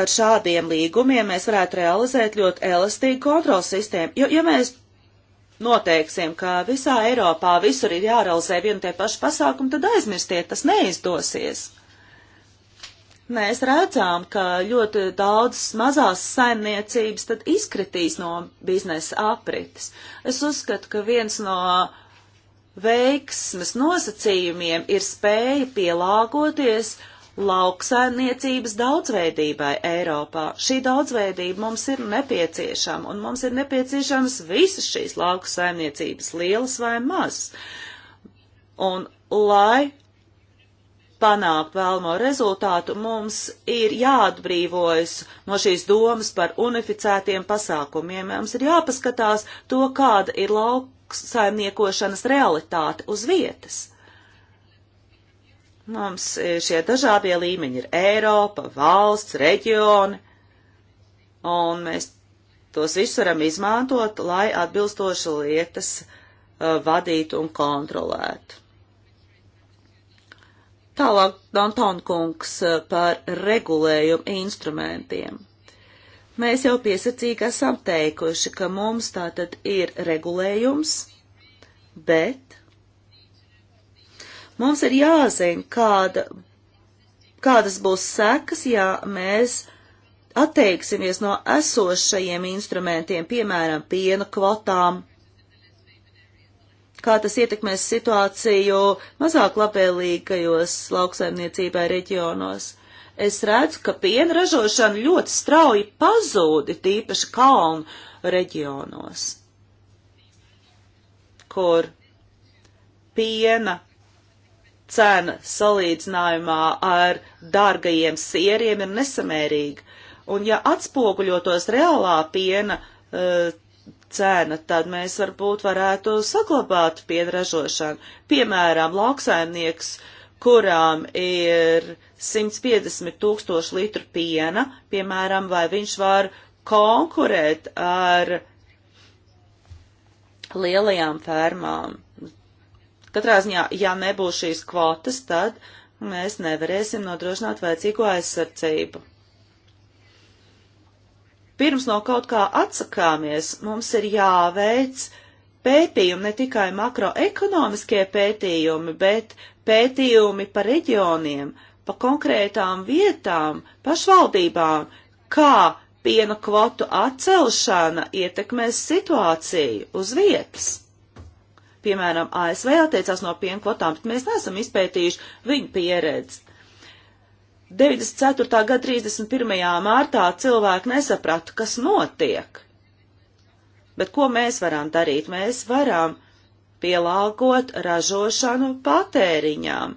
ar šādiem līgumiem mēs varētu realizēt ļoti elastīgu kontrols sistēmu, jo, ja mēs noteiksim, ka visā Eiropā visur ir jārealizē vien tie paši pasākumi, tad aizmirstiet, tas neizdosies mēs redzām, ka ļoti daudz mazās saimniecības tad izkritīs no biznesa aprites. Es uzskatu, ka viens no veiksmes nosacījumiem ir spēja pielāgoties lauksaimniecības daudzveidībai Eiropā. Šī daudzveidība mums ir nepieciešama, un mums ir nepieciešamas visas šīs lauksaimniecības, lielas vai mazas. Un lai panākt vēlamo rezultātu, mums ir jāatbrīvojas no šīs domas par unificētiem pasākumiem. Mums ir jāpaskatās to, kāda ir lauksaimniekošanas realitāte uz vietas. Mums šie dažādie līmeņi ir Eiropa, valsts, reģioni, un mēs tos visus varam izmantot, lai atbilstoši lietas uh, vadītu un kontrolētu. Tālāk Dantona kungs eh, par regulējumu instrumentiem. Mēs jau piesacīgi esam teikuši, ka mums tātad ir regulējums, bet mums ir jāzina, kāda, kādas būs sekas, ja mēs atteiksimies no esošajiem instrumentiem, piemēram, piena kvotām kā tas ietekmēs situāciju mazāk labvēlīgajos lauksaimniecībai reģionos. Es redzu, ka piena ražošana ļoti strauji pazūdi, tīpaši kalnu reģionos, kur piena cena salīdzinājumā ar dārgajiem sieriem ir nesamērīga. Un ja atspoguļotos reālā piena uh, cena, tad mēs varbūt varētu saglabāt piedražošanu. Piemēram, lauksaimnieks, kurām ir 150 tūkstoši litru piena, piemēram, vai viņš var konkurēt ar lielajām fermām. Katrā ziņā, ja nebūs šīs kvotas, tad mēs nevarēsim nodrošināt vajadzīgo aizsardzību pirms no kaut kā atsakāmies, mums ir jāveic pētījumi, ne tikai makroekonomiskie pētījumi, bet pētījumi pa reģioniem, pa konkrētām vietām, pašvaldībām, kā piena kvotu atcelšana ietekmēs situāciju uz vietas. Piemēram, ASV atteicās no piena kvotām, bet mēs neesam izpētījuši viņu pieredzi. 94. gada 31. martā cilvēki nesaprata, kas notiek. Bet ko mēs varam darīt? Mēs varam pielāgot ražošanu patēriņām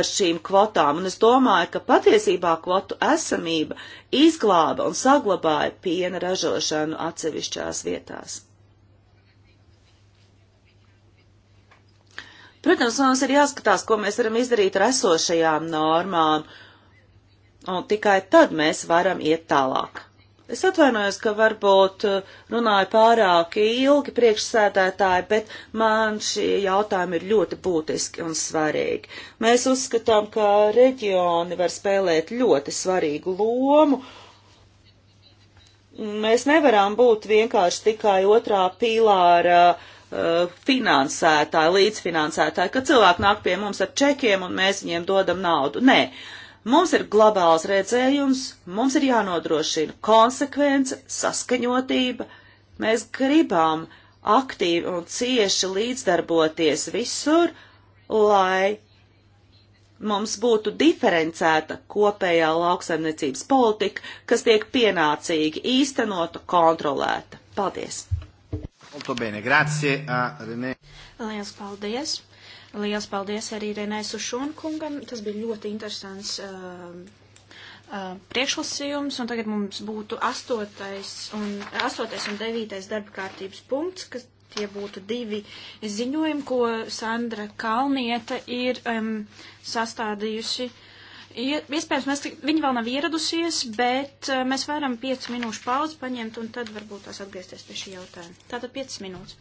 ar šīm kvotām, un es domāju, ka patiesībā kvotu esamība izglāba un saglabāja piena ražošanu atsevišķās vietās. Protams, mums ir jāskatās, ko mēs varam izdarīt ar esošajām normām, un tikai tad mēs varam iet tālāk. Es atvainojos, ka varbūt uh, runāju pārāk ilgi priekšsēdētāji, bet man šie jautājumi ir ļoti būtiski un svarīgi. Mēs uzskatām, ka reģioni var spēlēt ļoti svarīgu lomu. Mēs nevaram būt vienkārši tikai otrā pīlāra uh, Uh, finansētāji, līdzfinansētāji, ka cilvēki nāk pie mums ar čekiem un mēs viņiem dodam naudu. Nē, mums ir globāls redzējums, mums ir jānodrošina konsekvence, saskaņotība. Mēs gribam aktīvi un cieši līdzdarboties visur, lai mums būtu diferencēta kopējā lauksaimniecības politika, kas tiek pienācīgi īstenota, kontrolēta. Paldies! Molto bene, grazie a Renē. Lielas paldies. Lielas paldies arī Renē Sušonkungam. Tas bija ļoti interesants uh, uh, priekšlasījums. Un tagad mums būtu astotais un, astotais un devītais darba kārtības punkts, kas tie būtu divi ziņojumi, ko Sandra Kalniete ir um, sastādījusi. Uh, Iespējams, mēs, viņi vēl nav ieradusies, bet eh, mēs varam 5 minūšu pauzi paņemt un tad varbūt tās atgriezties pie šī jautājuma. Tātad 5 minūtes.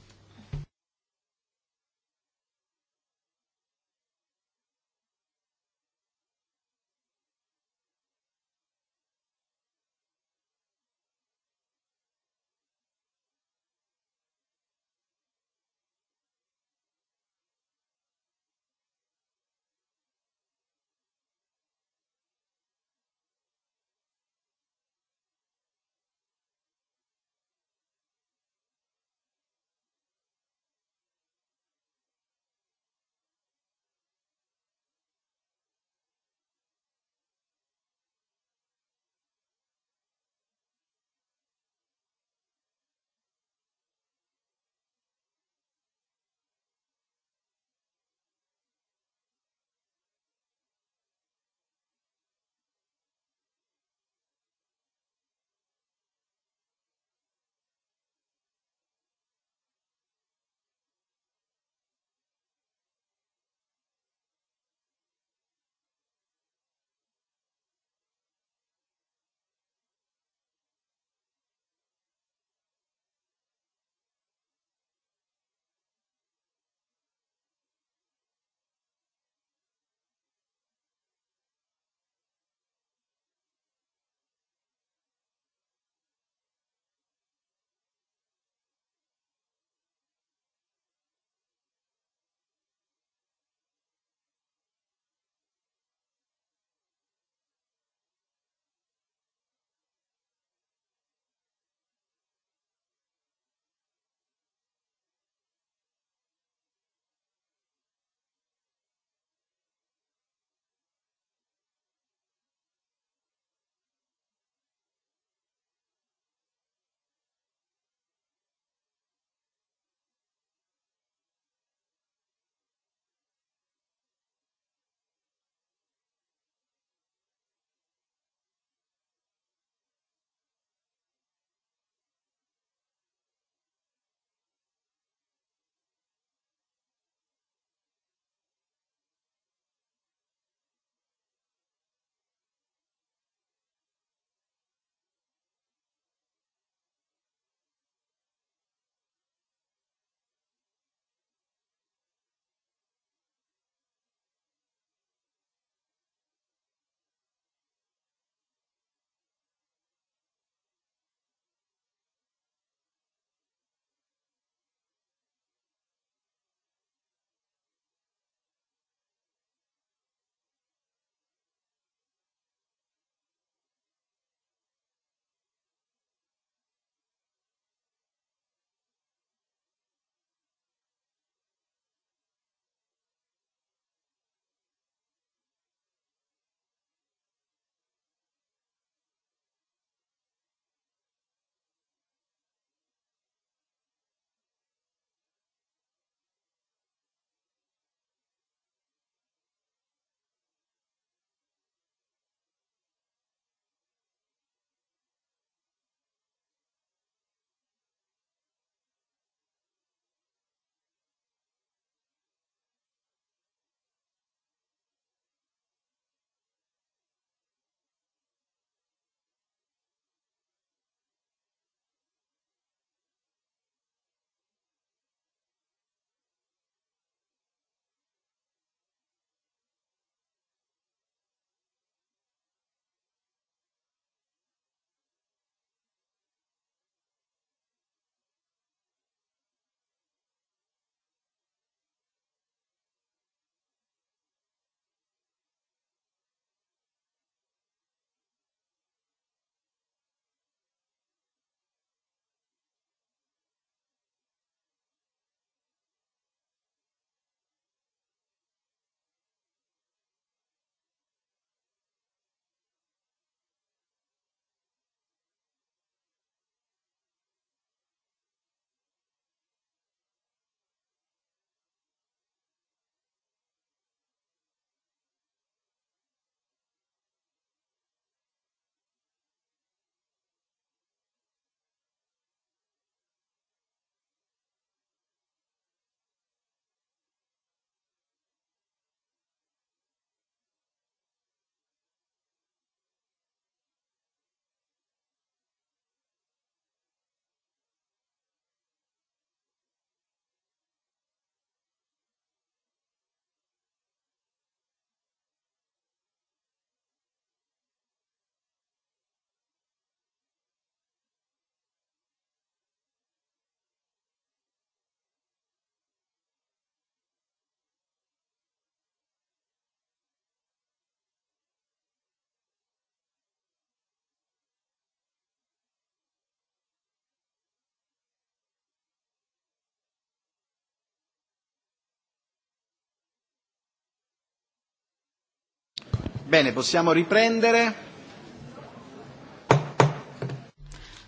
Bene, possiamo riprendere.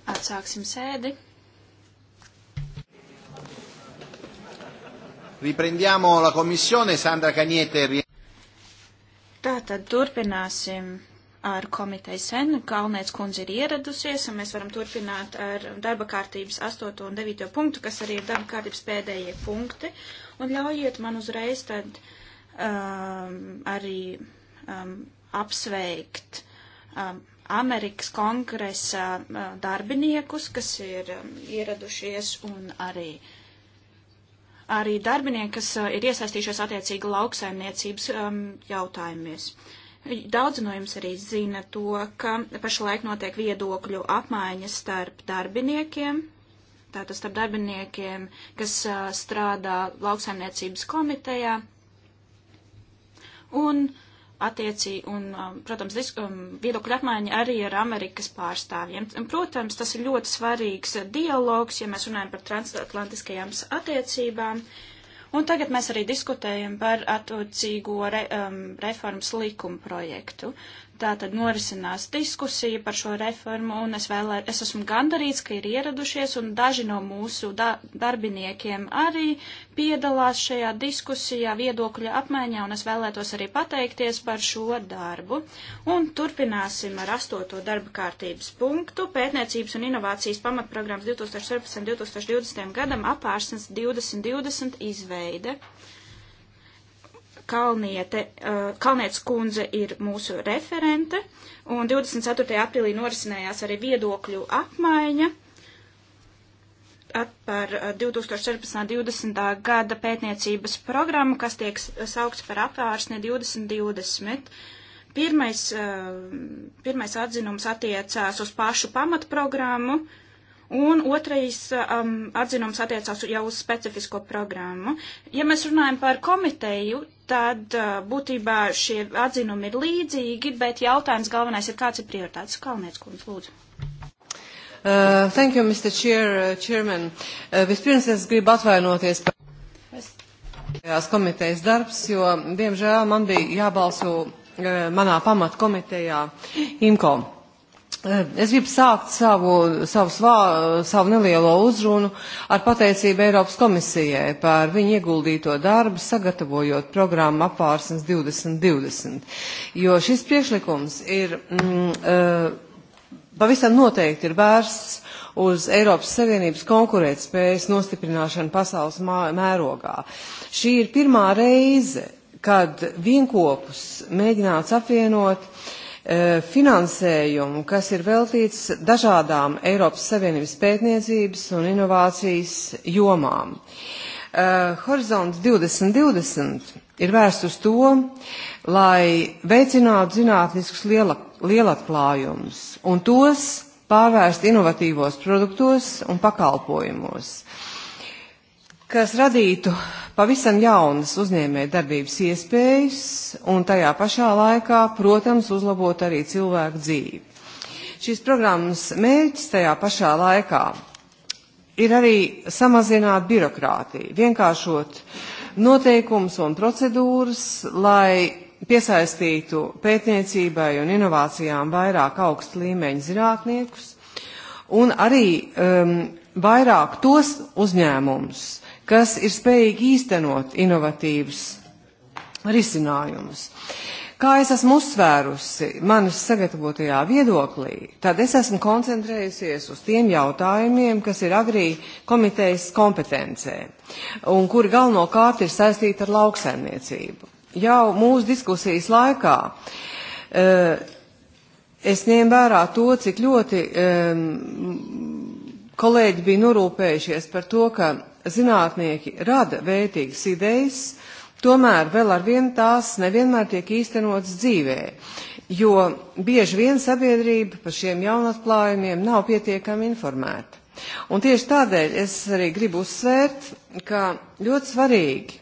Atsāksim sēdi. Riprendiamo la commissione, Sandra Cagnete. Tātad turpināsim ar komiteju senu. Kalnēts kundze ir ieradusies, un mēs varam turpināt ar darba kārtības 8 un 9 punktu, kas arī ir darba kārtības pēdējie punkti. Un ļaujiet man uzreiz tad um, arī um, apsveikt um, Amerikas kongresa uh, darbiniekus, kas ir um, ieradušies un arī uh, arī darbinieki, kas ir iesaistījušies attiecīgi lauksaimniecības um, jautājumies. Daudz no jums arī zina to, ka pašlaik notiek viedokļu apmaiņas starp darbiniekiem, tātad starp darbiniekiem, kas uh, strādā lauksaimniecības komitejā, un uh, attiecī un, um, protams, disk, um, viedokļu apmaiņa arī ar Amerikas pārstāvjiem. Protams, tas ir ļoti svarīgs dialogs, ja mēs runājam par transatlantiskajām attiecībām. Un tagad mēs arī diskutējam par attiecīgo re, um, reformas likumu projektu. Tā tad norisinās diskusija par šo reformu, un es, vēlē, es esmu gandarīts, ka ir ieradušies, un daži no mūsu da darbiniekiem arī piedalās šajā diskusijā, viedokļa apmaiņā, un es vēlētos arī pateikties par šo darbu. Un turpināsim ar astoto darba kārtības punktu - pētniecības un inovācijas pamatprogrammas 2014-2020 gadam apārsnes 2020 izveide. Kalniete, eh, Kalnietes kundze ir mūsu referente, un 24. aprīlī norisinājās arī viedokļu apmaiņa par 2014.20. Eh, gada pētniecības programmu, kas tiek saukts par apvārsni 2020. Pirmais, eh, pirmais atzinums attiecās uz pašu pamatprogrammu, Un otrais um, atzinums attiecās jau uz specifisko programmu. Ja mēs runājam par komiteju, tad uh, būtībā šie atzinumi ir līdzīgi, bet jautājums galvenais ir, kāds ir prioritāts. Kalniec, kundz, lūdzu. Uh, thank you, Mr. Chair, uh, Chairman. Uh, vispirms es gribu atvainoties par šajās komitejas darbs, jo, diemžēl, man bija jābalso uh, manā pamatkomitejā IMCOM. Eh, es gribu sākt savu, savu, svā, savu nelielo uzrunu ar pateicību Eiropas komisijai par viņu ieguldīto darbu, sagatavojot programmu apvārsnes 2020, jo šis priekšlikums ir mm, eh, pavisam noteikti ir vērsts uz Eiropas Savienības konkurētspējas nostiprināšanu pasaules mērogā. Šī ir pirmā reize, kad vienkopus mēģināts apvienot uh, E, finansējumu, kas ir veltīts dažādām Eiropas Savienības pētniecības un inovācijas jomām. E, Horizonts 2020 ir vērsts uz to, lai veicinātu zinātniskus liela, lielatklājumus un tos pārvērst inovatīvos produktos un pakalpojumos, kas radītu uh, pavisam jaunas uzņēmē darbības iespējas un tajā pašā laikā, protams, uzlabot arī cilvēku dzīvi. Šīs programmas mērķis tajā pašā laikā ir arī samazināt birokrātiju, vienkāršot noteikumus un procedūras, lai piesaistītu pētniecībai un inovācijām vairāk augstu līmeņu zinātniekus un arī um, vairāk tos uzņēmumus, kas ir spējīgi īstenot inovatīvus risinājumus. Kā es esmu uzsvērusi manas sagatavotajā viedoklī, tad es esmu koncentrējusies uz tiem jautājumiem, kas ir agrī komitejas kompetencē un kuri galvenokārt ir saistīti ar lauksaimniecību. Jau mūsu diskusijas laikā eh, es ņēmu vērā to, cik ļoti ehm, kolēģi bija norūpējušies par to, ka zinātnieki rada vērtīgas idejas, tomēr vēl ar vienu tās nevienmēr tiek īstenotas dzīvē, jo bieži vien sabiedrība par šiem jaunatklājumiem nav pietiekami informēta. Un tieši tādēļ es arī gribu uzsvērt, ka ļoti svarīgi,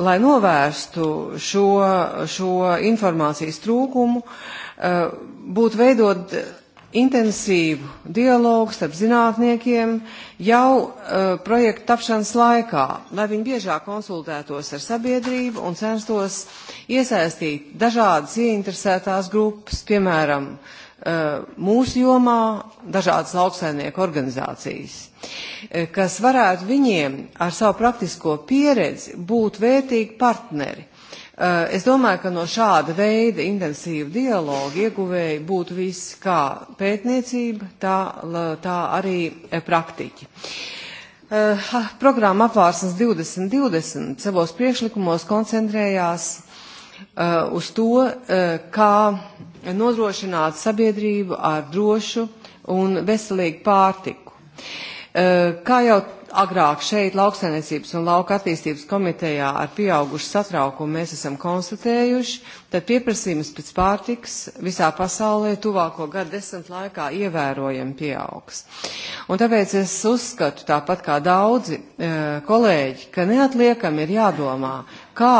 lai novērstu šo, šo informācijas trūkumu, eh, būtu veidot intensīvu dialogu starp zinātniekiem jau uh, e, projekta tapšanas laikā, lai viņi biežāk konsultētos ar sabiedrību un censtos iesaistīt dažādas ieinteresētās grupas, piemēram, uh, mūsu jomā dažādas lauksaimnieku organizācijas, e, kas varētu viņiem ar savu praktisko pieredzi būt vērtīgi partneri Eh, es domāju, ka no šāda veida intensīva dialoga ieguvēji būtu visi kā pētniecība, tā, tā arī eh, praktiķi. Eh, ah, programma apvārsnes 2020 savos priekšlikumos koncentrējās uz to, kā nodrošināt sabiedrību ar drošu un veselīgu pārtiku. Kā jau agrāk šeit lauksainiecības un lauka attīstības komitejā ar pieaugušu satraukumu mēs esam konstatējuši, tad pieprasījums pēc pārtiks visā pasaulē tuvāko gadu desmit laikā ievērojami pieaugs. Un tāpēc es uzskatu, tāpat kā daudzi e, kolēģi, ka neatliekami ir jādomā, kā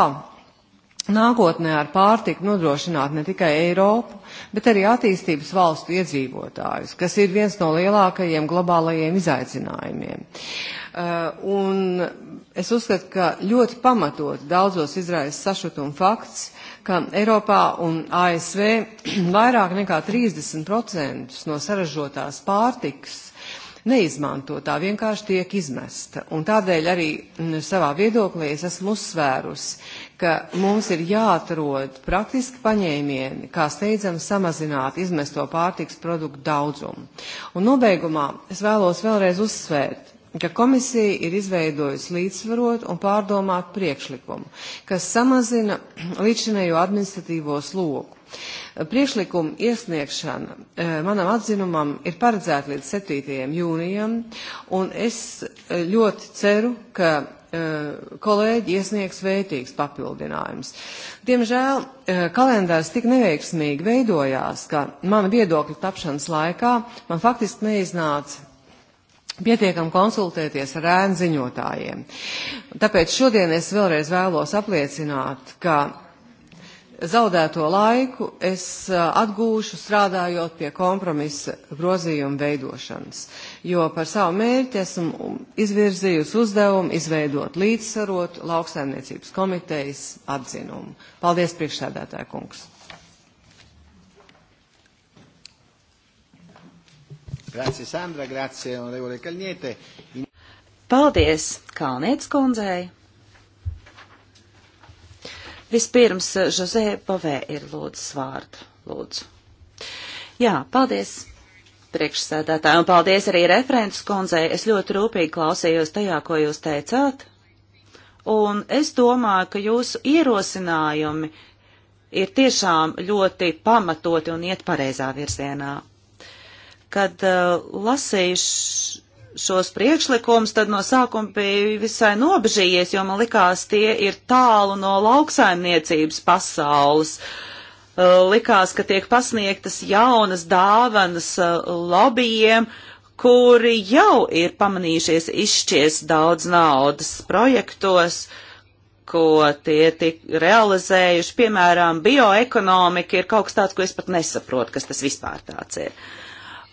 nākotnē ar pārtiku nodrošināt ne tikai Eiropu, bet arī attīstības valstu iedzīvotājus, kas ir viens no lielākajiem globālajiem izaicinājumiem. Uh, un es uzskatu, ka ļoti pamatot daudzos izraisa sašutuma fakts, ka Eiropā un ASV vairāk nekā 30% no saražotās pārtikas neizmanto, tā vienkārši tiek izmesta. Un tādēļ arī mm, savā viedoklī es esmu uzsvērusi, ka mums ir jāatrod praktiski paņēmieni, kā steidzam samazināt izmesto pārtiks produktu daudzumu. Un nobeigumā es vēlos vēlreiz uzsvērt, ka komisija ir izveidojusi līdzsvarot un pārdomāt priekšlikumu, kas samazina līdzinējo administratīvo sloku. Priekšlikuma iesniegšana eh, manam atzinumam ir paredzēta līdz 7. jūnijam, un es eh, ļoti ceru, ka eh, kolēģi iesniegs vērtīgs papildinājums. Diemžēl kalendārs tik neveiksmīgi veidojās, ka mana viedokļa tapšanas laikā man faktiski neiznāca pietiekam konsultēties ar ēnu ziņotājiem. Tāpēc šodien es vēlreiz vēlos apliecināt, ka zaudēto laiku es atgūšu strādājot pie kompromisa grozījuma veidošanas, jo par savu mērķi esmu izvirzījusi uzdevumu izveidot līdzsvarotu lauksaimniecības komitejas atzinumu. Paldies, priekšsēdētāja kungs! Grazie Sandra, grazie onorevole Kalniete. Paldies Kalnietes kundzei! Vispirms Žozē eh, Bovē ir lūdzas vārdu. Lūdzu. Jā, paldies priekšsēdētāji, un paldies arī referents kundzei. Es ļoti rūpīgi klausījos tajā, ko jūs teicāt. Un es domāju, ka jūsu ierosinājumi ir tiešām ļoti pamatoti un iet pareizā virzienā. Kad uh, eh, lasīšu šos priekšlikumus, tad no sākuma biju visai nobežījies, jo man likās, tie ir tālu no lauksaimniecības pasaules. Uh, likās, ka tiek pasniegtas jaunas dāvanas uh, lobbyiem, kuri jau ir pamanījušies izšķies daudz naudas projektos, ko tie tik realizējuši. Piemēram, bioekonomika ir kaut kas tāds, ko es pat nesaprotu, kas tas vispār tāds ir. Uh,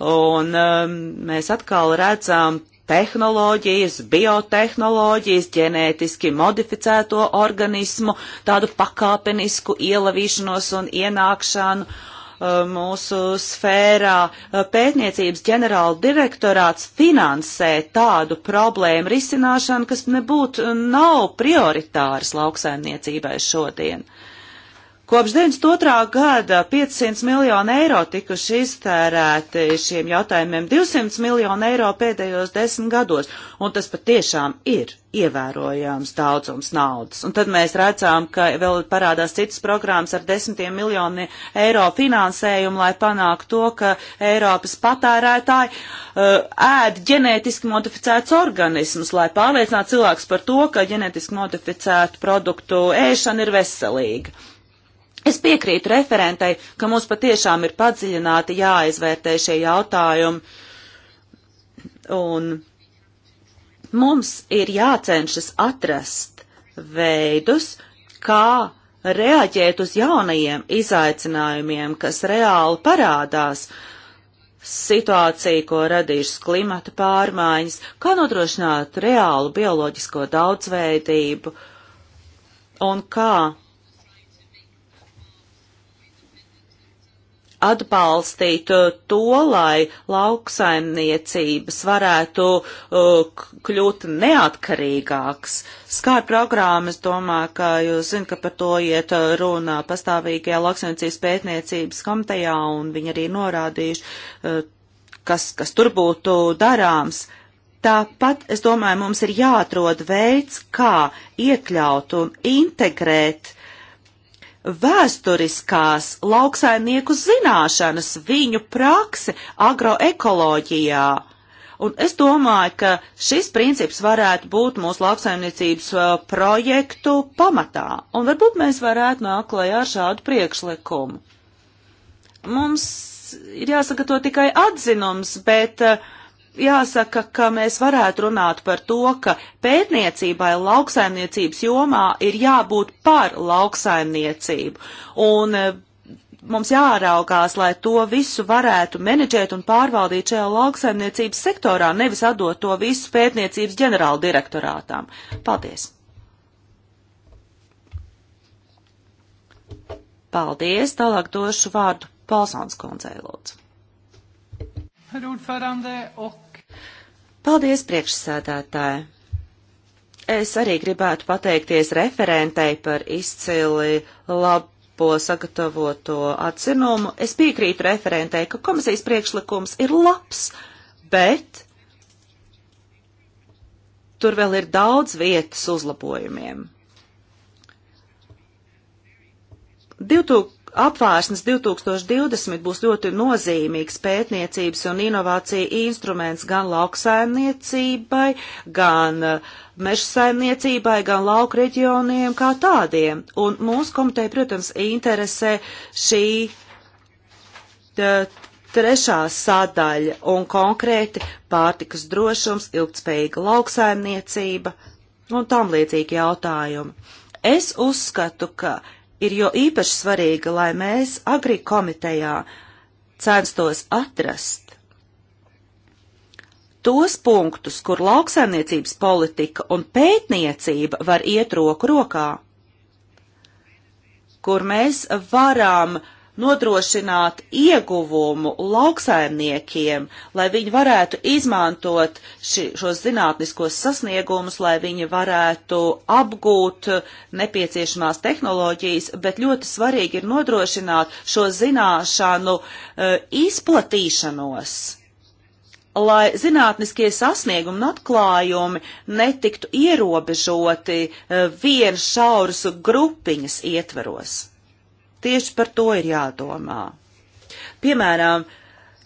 Un um, mēs atkal redzam tehnoloģijas, biotehnoloģijas, ģenētiski modificēto organismu, tādu pakāpenisku ielavīšanos un ienākšanu uh, mūsu sfērā uh, pētniecības ģenerāla direktorāts finansē tādu problēmu risināšanu, kas nebūtu nav prioritārs lauksaimniecībai šodien. Uh, Kopš 92. gada 500 miljonu eiro tikuši iztērēti šiem jautājumiem, 200 miljonu eiro pēdējos desmit gados, un tas patiešām ir ievērojams daudzums naudas. Un tad mēs redzām, ka vēl parādās citas programmas ar desmitiem miljoni eiro finansējumu, lai panāktu to, ka Eiropas patērētāji uh, ēd ģenētiski modificēts organismus, lai pārliecinātu cilvēks par to, ka ģenētiski modificētu produktu ēšana ir veselīga. Es piekrītu referentai, ka mums patiešām ir padziļināti jāizvērtē šie jautājumi, un mums ir jācenšas atrast veidus, kā reaģēt uz jaunajiem izaicinājumiem, kas reāli parādās situācija, ko radīšas klimata pārmaiņas, kā nodrošināt reālu bioloģisko daudzveidību un kā atbalstīt uh, to, lai lauksaimniecības varētu uh, kļūt neatkarīgāks. Skār programmas, domāju, ka jūs zinat, ka par to iet uh, runā pastāvīgajā lauksaimniecības pētniecības komitejā, un viņi arī norādījuši, kas, kas tur būtu darāms. Tāpat, es domāju, mums ir jāatrod veids, kā iekļaut un integrēt vēsturiskās lauksainieku zināšanas, viņu praksi agroekoloģijā. Un es domāju, ka šis princips varētu būt mūsu lauksaimniecības projektu pamatā, un varbūt mēs varētu nākt klajā ar šādu priekšlikumu. Mums ir jāsaka to tikai atzinums, bet uh, jāsaka, ka mēs varētu runāt par to, ka pētniecībai lauksaimniecības jomā ir jābūt par lauksaimniecību. Un e, mums jāraugās, lai to visu varētu menedžēt un pārvaldīt šajā lauksaimniecības sektorā, nevis atdot to visu pētniecības ģenerāla direktorātām. Paldies! Paldies! Tālāk došu vārdu Palsons kundzei, lūdzu. Paldies, priekšsēdētāji! Es arī gribētu pateikties referentei par izcili labo sagatavoto atzinumu. Es piekrītu referentei, ka komisijas priekšlikums ir labs, bet tur vēl ir daudz vietas uzlabojumiem. 2000 Apvārsnes 2020 būs ļoti nozīmīgs pētniecības un inovācija instruments gan lauksaimniecībai, gan eh, meža saimniecībai, gan lauku reģioniem kā tādiem. Un mūsu komiteja, protams, interesē šī eh, trešā sadaļa un konkrēti pārtikas drošums, ilgtspējīga lauksaimniecība un tam līdzīgi jautājumi. Es uzskatu, ka ir jo īpaši svarīga, lai mēs agri komitejā censtos atrast tos punktus, kur lauksaimniecības politika un pētniecība var iet roku rokā, kur mēs varam uh, nodrošināt ieguvumu lauksaimniekiem, lai viņi varētu izmantot ši, šos zinātniskos sasniegumus, lai viņi varētu apgūt nepieciešamās tehnoloģijas, bet ļoti svarīgi ir nodrošināt šo zināšanu uh, izplatīšanos lai zinātniskie sasniegumi un atklājumi netiktu ierobežoti uh, e, vienu šaurusu grupiņas ietveros. Tieši par to ir jādomā. Piemēram,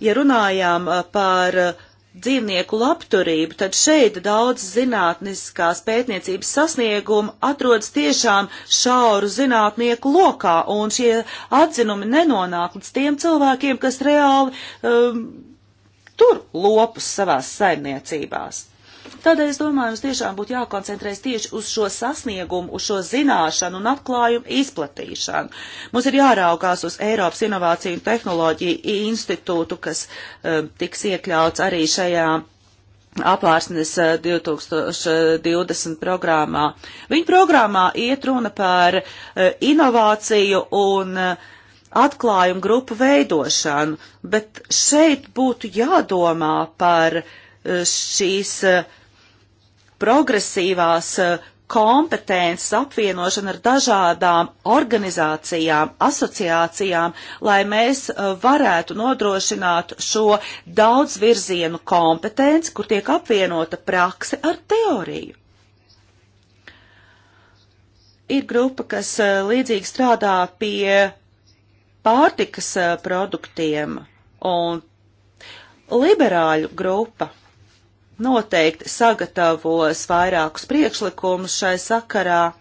ja runājām uh, par uh, dzīvnieku labturību, tad šeit daudz zinātniskās pētniecības sasniegumu atrodas tiešām šauru zinātnieku lokā, un šie atzinumi nenonāk līdz tiem cilvēkiem, kas reāli um, tur lopus savās saimniecībās. Tādēļ es domāju, mums tiešām būtu jākoncentrēs tieši uz šo sasniegumu, uz šo zināšanu un atklājumu izplatīšanu. Mums ir jāraugās uz Eiropas Inovāciju un Tehnoloģiju institūtu, kas um, tiks iekļauts arī šajā apvārsnes 2020 eh, programmā. Viņa programmā iet runa par eh, inovāciju un atklājumu grupu veidošanu, bet šeit būtu jādomā par šīs uh, progresīvās eh, kompetences apvienošana ar dažādām organizācijām, asociācijām, lai mēs eh, varētu nodrošināt šo daudzvirzienu kompetenci, kur tiek apvienota prakse ar teoriju. Ir grupa, kas eh, līdzīgi strādā pie pārtikas produktiem, un liberāļu grupa noteikti sagatavos vairākus priekšlikumus šai sakarā,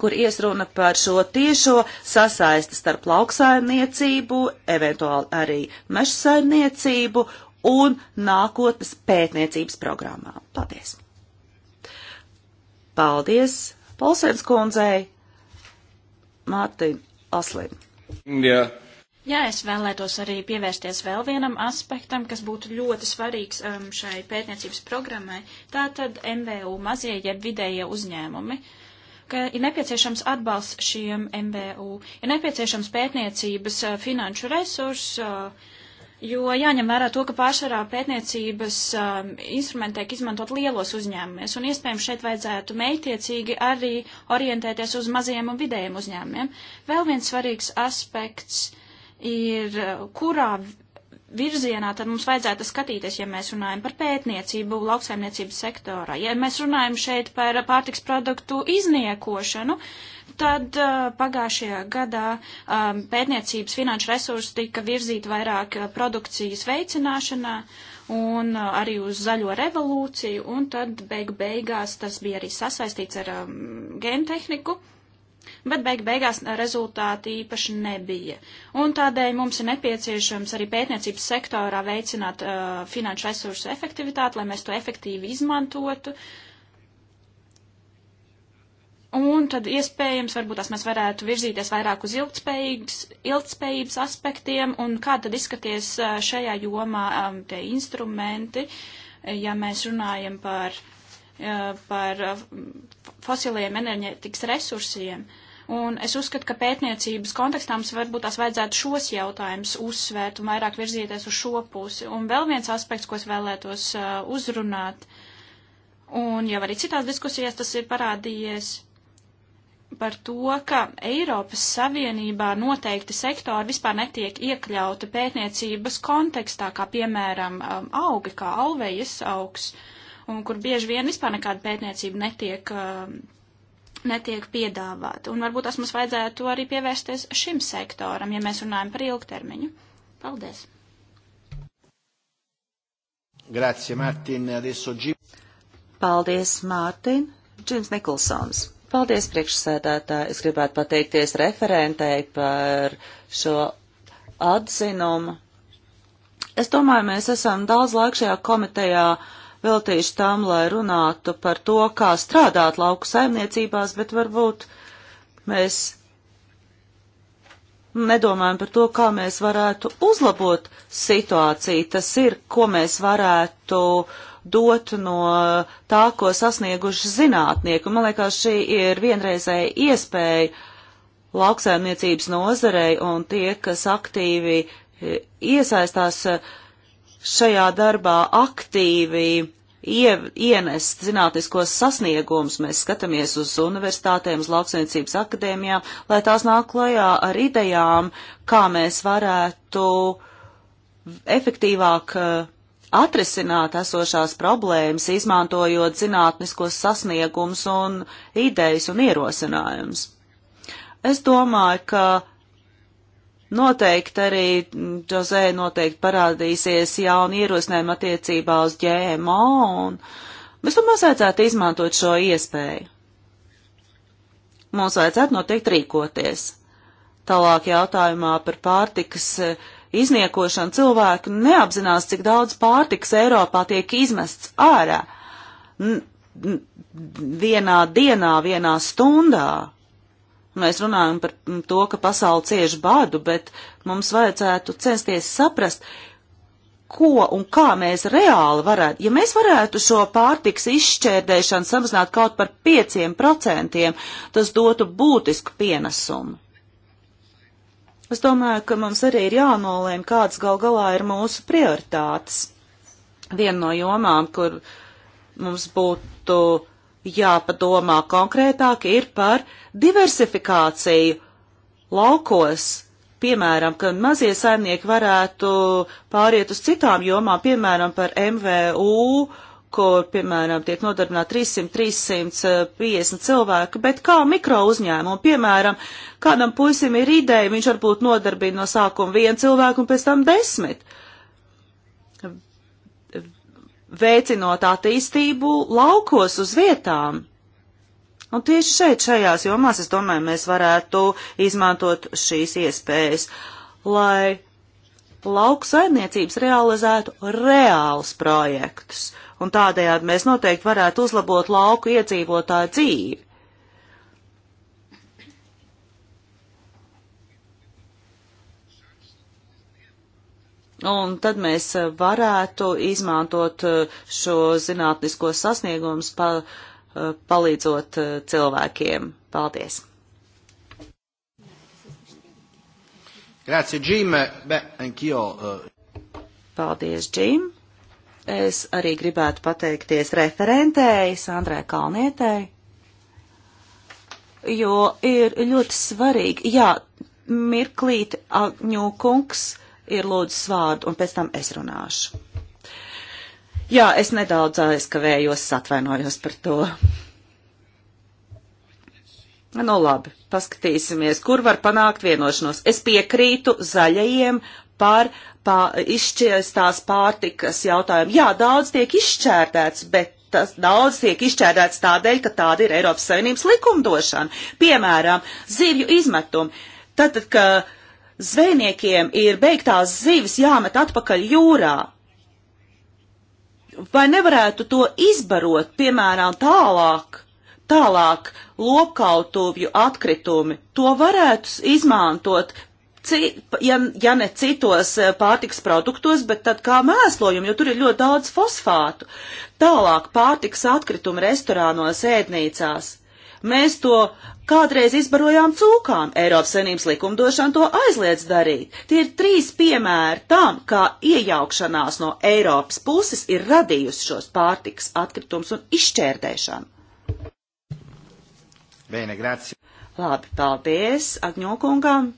kur iesruna par šo tiešo sasaisti starp lauksaimniecību, eventuāli arī mežsaimniecību un nākotnes pētniecības programmām. Paldies! Paldies Polsēns kundzei, Mārtiņ Aslim. Yeah. Jā, es vēlētos arī pievērsties vēl vienam aspektam, kas būtu ļoti svarīgs um, šai pētniecības programmai. Tā tad MVU mazie jeb vidējie uzņēmumi. Ka ir nepieciešams atbalsts šiem MVU, ir nepieciešams pētniecības uh, finanšu resursus, uh, jo jāņem vērā to, ka pārsvarā pētniecības um, instrumenti tiek izmantot lielos uzņēmumies, un iespējams šeit vajadzētu meitiecīgi arī orientēties uz maziem un vidējiem uzņēmumiem. Vēl viens svarīgs aspekts. Uh, ir, kurā virzienā tad mums vajadzētu skatīties, ja mēs runājam par pētniecību lauksaimniecības sektorā. Ja mēs runājam šeit par pārtiks produktu izniekošanu, tad uh, pagājušajā gadā um, pētniecības finanšu resursi tika virzīti vairāk uh, produkcijas veicināšanā un uh, arī uz zaļo revolūciju, un tad beigu beigās tas bija arī sasaistīts ar um, gentehniku. tehniku bet beig beigās rezultāti īpaši nebija. Un tādēļ mums ir nepieciešams arī pētniecības sektorā veicināt uh, finanšu resursu efektivitāti, lai mēs to efektīvi izmantotu. Un tad iespējams, varbūt tās mēs varētu virzīties vairāk uz ilgtspējības aspektiem, un kā tad izskaties uh, šajā jomā um, tie instrumenti, ja mēs runājam par uh, par fosiliem enerģētikas resursiem. Un es uzskatu, ka pētniecības kontekstā mums varbūt tās vajadzētu šos jautājumus uzsvērt un vairāk virzīties uz šo pusi. Un vēl viens aspekts, ko es vēlētos uh, uzrunāt, un jau arī citās diskusijās tas ir parādījies par to, ka Eiropas Savienībā noteikti sektori vispār netiek iekļauti pētniecības kontekstā, kā piemēram um, augi, kā alvejas augs. Uh, un kur bieži vien vispār nekāda pētniecība netiek, uh, netiek piedāvāta. Un varbūt tas mums vajadzētu arī pievērsties šim sektoram, ja mēs runājam par ilgtermiņu. Paldies! Grazie, Martin. Adesso Jim. Paldies, Mārtiņ. Džims Nikolsons. Paldies, priekšsēdētāji. Es gribētu pateikties referentei par šo atzinumu. Es domāju, mēs esam daudz laika šajā komitejā uh, veltīšu tam, lai runātu par to, kā strādāt lauku saimniecībās, bet varbūt mēs nedomājam par to, kā mēs varētu uzlabot situāciju. Tas ir, ko mēs varētu dot no tā, ko sasnieguši zinātnieki. Un, man liekas, šī ir vienreizēja iespēja lauksaimniecības nozarei un tie, kas aktīvi iesaistās uh, šajā darbā aktīvi ie, ienest zinātniskos sasniegumus. Mēs skatāmies uz universitātēm, uz lauksainicības akadēmijām, lai tās nāk klajā ar idejām, kā mēs varētu efektīvāk eh, atrisināt esošās problēmas, izmantojot zinātniskos sasniegumus un idejas un ierosinājumus. Es domāju, ka Noteikti arī Džozē noteikti parādīsies jauni ierosinājumi attiecībā uz ģēmo, un mēs tomēr vajadzētu izmantot šo iespēju. Mums vajadzētu noteikti rīkoties. Tālāk jautājumā par pārtikas eh, izniekošanu cilvēku neapzinās, cik daudz pārtikas Eiropā tiek izmests ārā. N vienā dienā, vienā stundā. Mēs runājam par to, ka pasauli cieš badu, bet mums vajadzētu censties saprast, ko un kā mēs reāli varētu, ja mēs varētu šo pārtiks izšķērdēšanu samazināt kaut par 5%, tas dotu būtisku pienesumu. Es domāju, ka mums arī ir jānolēm, kādas gal galā ir mūsu prioritātes. Viena no jomām, kur mums būtu jāpadomā konkrētāk ir par diversifikāciju laukos. Piemēram, ka mazie saimnieki varētu pāriet uz citām jomām, piemēram, par MVU, kur, piemēram, tiek nodarbināti 300-350 eh, cilvēki, bet kā mikro uzņēmumu, piemēram, kādam puisim ir ideja, viņš varbūt nodarbina no sākuma vienu cilvēku un pēc tam desmit. Uh, veicinot attīstību laukos uz vietām. Un tieši šeit, šajās jomās, es domāju, mēs varētu izmantot šīs iespējas, lai lauku saimniecības realizētu reālus projektus, un tādējādi mēs noteikti varētu uzlabot lauku iedzīvotāju dzīvi. Un tad mēs eh, varētu izmantot eh, šo zinātnisko sasniegumus, pa, eh, palīdzot cilvēkiem. Paldies! Grazie, Jim. Beh, anch'io. Uh... Paldies, Jim. Es arī gribētu pateikties referentēji, Sandrai Kalnietēji, jo ir ļoti svarīgi, jā, mirklīt Agņūkungs ir lūdzis vārdu, un pēc tam es runāšu. Jā, es nedaudz aizkavējos, atvainojos par to. Nu labi, paskatīsimies, kur var panākt vienošanos. Es piekrītu zaļajiem par pā, izšķiestās pārtikas jautājumu. Jā, daudz tiek izšķērdēts, bet tas daudz tiek izšķērdēts tādēļ, ka tāda ir Eiropas Savienības likumdošana. Piemēram, zivju izmetumi. Tātad, ka zvejniekiem ir beigtās zivis jāmet atpakaļ jūrā. Vai nevarētu to izbarot, piemēram, tālāk, tālāk lopkautuvju atkritumi? To varētu izmantot, ja, ja ne citos eh, pārtiks produktos, bet tad kā mēslojumu, jo tur ir ļoti daudz fosfātu. Tālāk pārtiks atkritumi restorānos, ēdnīcās. Mēs to kādreiz izbarojām cūkām. Eiropas Savienības likumdošana to aizliedz darīt. Tie ir trīs piemēri tam, kā iejaukšanās no Eiropas puses ir radījusi šos pārtikas atkritums un izšķērdēšanu. Bene, grazie. Labi, paldies Agņokungam.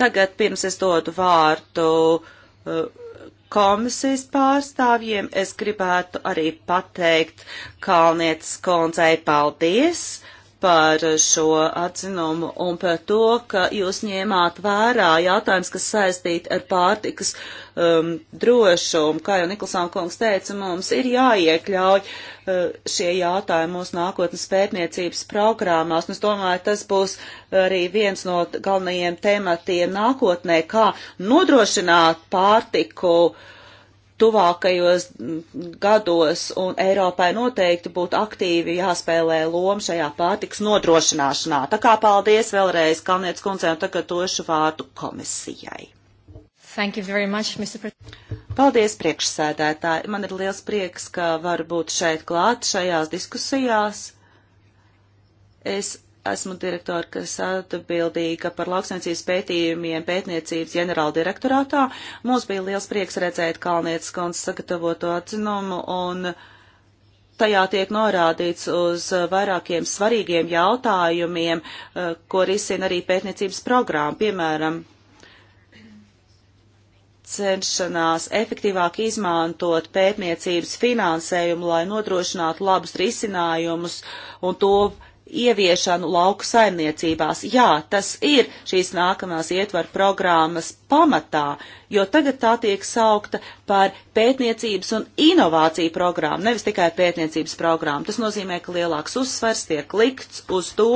Tagad pirms es dodu vārdu uh, komisijas pārstāvjiem. Es gribētu arī pateikt Kalnietes kundzei paldies par šo atzinumu un par to, ka jūs ņēmāt vērā jautājums, kas saistīti ar pārtikas um, drošumu. Kā jau Nikolsāna kungs teica, mums ir jāiekļauj uh, šie jautājumi mūsu nākotnes pētniecības programmās. Un es domāju, tas būs arī viens no galvenajiem tematiem nākotnē, kā nodrošināt pārtiku uh, tuvākajos gados un Eiropai noteikti būtu aktīvi jāspēlē loma šajā pārtiks nodrošināšanā. Tā kā paldies vēlreiz Kalnietes kundzei un tagad došu vārdu komisijai. Thank you very much, Mr. President. Paldies, priekšsēdētāji. Man ir liels prieks, ka var būt šeit klāt šajās diskusijās. Es esmu direktora, kas atbildīga par lauksaimniecības pētījumiem pētniecības ģenerāla direktorātā. Mums bija liels prieks redzēt Kalnietes kundzes sagatavoto atzinumu un tajā tiek norādīts uz vairākiem svarīgiem jautājumiem, eh, ko risina arī pētniecības programma, piemēram, cenšanās efektīvāk izmantot pētniecības finansējumu, lai nodrošinātu labus risinājumus un to ieviešanu lauku saimniecībās. Jā, tas ir šīs nākamās ietvaru programmas pamatā, jo tagad tā tiek saukta par pētniecības un inovāciju programmu, nevis tikai pētniecības programmu. Tas nozīmē, ka lielāks uzsvers tiek likts uz to,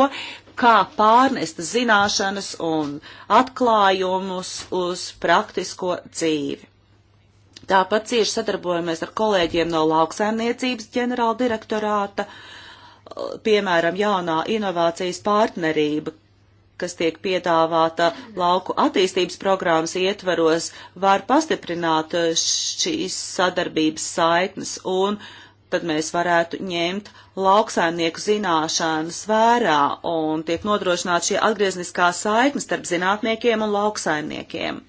kā pārnest zināšanas un atklājumus uz praktisko dzīvi. Tāpat cieši sadarbojamies ar kolēģiem no lauksaimniecības ģenerāldirektorāta direktorāta piemēram, jaunā inovācijas partnerība, kas tiek piedāvāta lauku attīstības programmas ietvaros, var pastiprināt uh, šīs sadarbības saiknes, un tad mēs varētu ņemt lauksaimnieku zināšanas vērā, un tiek nodrošināta šī atgriezniskā saikne starp zinātniekiem un lauksaimniekiem.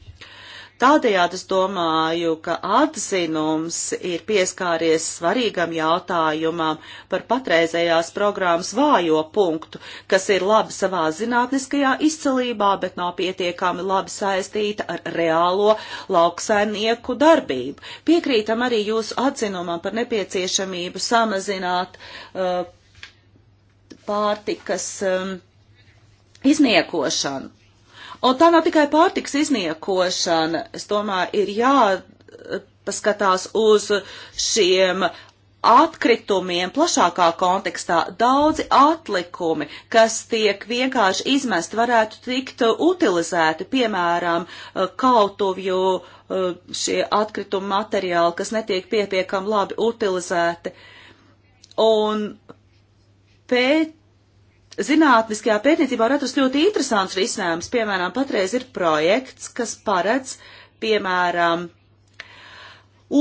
Tādējādi es domāju, ka atzinums ir pieskāries svarīgam jautājumam par patreizējās programmas vājo punktu, kas ir labi savā zinātniskajā izcelībā, bet nav pietiekami labi saistīta ar reālo lauksaimnieku darbību. Piekrītam arī jūsu atzinumam par nepieciešamību samazināt uh, pārtikas um, izniekošanu. Un tā nav tikai pārtiks izniekošana. Es domāju, ir jāpaskatās uz šiem atkritumiem plašākā kontekstā. Daudzi atlikumi, kas tiek vienkārši izmest, varētu tikt utilizēti, piemēram, kautuvju eh, šie atkrituma materiāli, kas netiek pietiekami labi utilizēti. Un pēc zinātniskajā pētniecībā var atrast ļoti interesants risinājums. Piemēram, patreiz ir projekts, kas paredz, piemēram,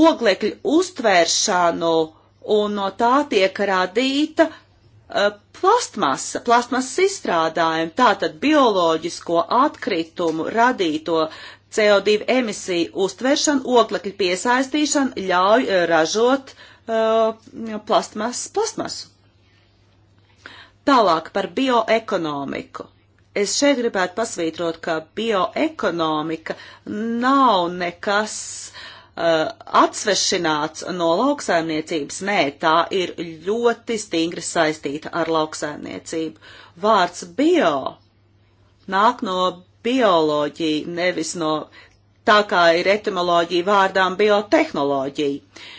oglekļu uztvēršanu un no tā tiek radīta uh, plastmasa, plastmasas izstrādājumi, tātad bioloģisko atkritumu radīto CO2 emisiju uztvēršanu, oglekļu piesaistīšanu ļauj ražot uh, plastmasas plastmasu. Tālāk par bioekonomiku. Es šeit gribētu pasvītrot, ka bioekonomika nav nekas uh, atsvešināts no lauksaimniecības. Nē, tā ir ļoti stingri saistīta ar lauksaimniecību. Vārds bio nāk no bioloģija, nevis no tā kā ir etimoloģija vārdām biotehnoloģija.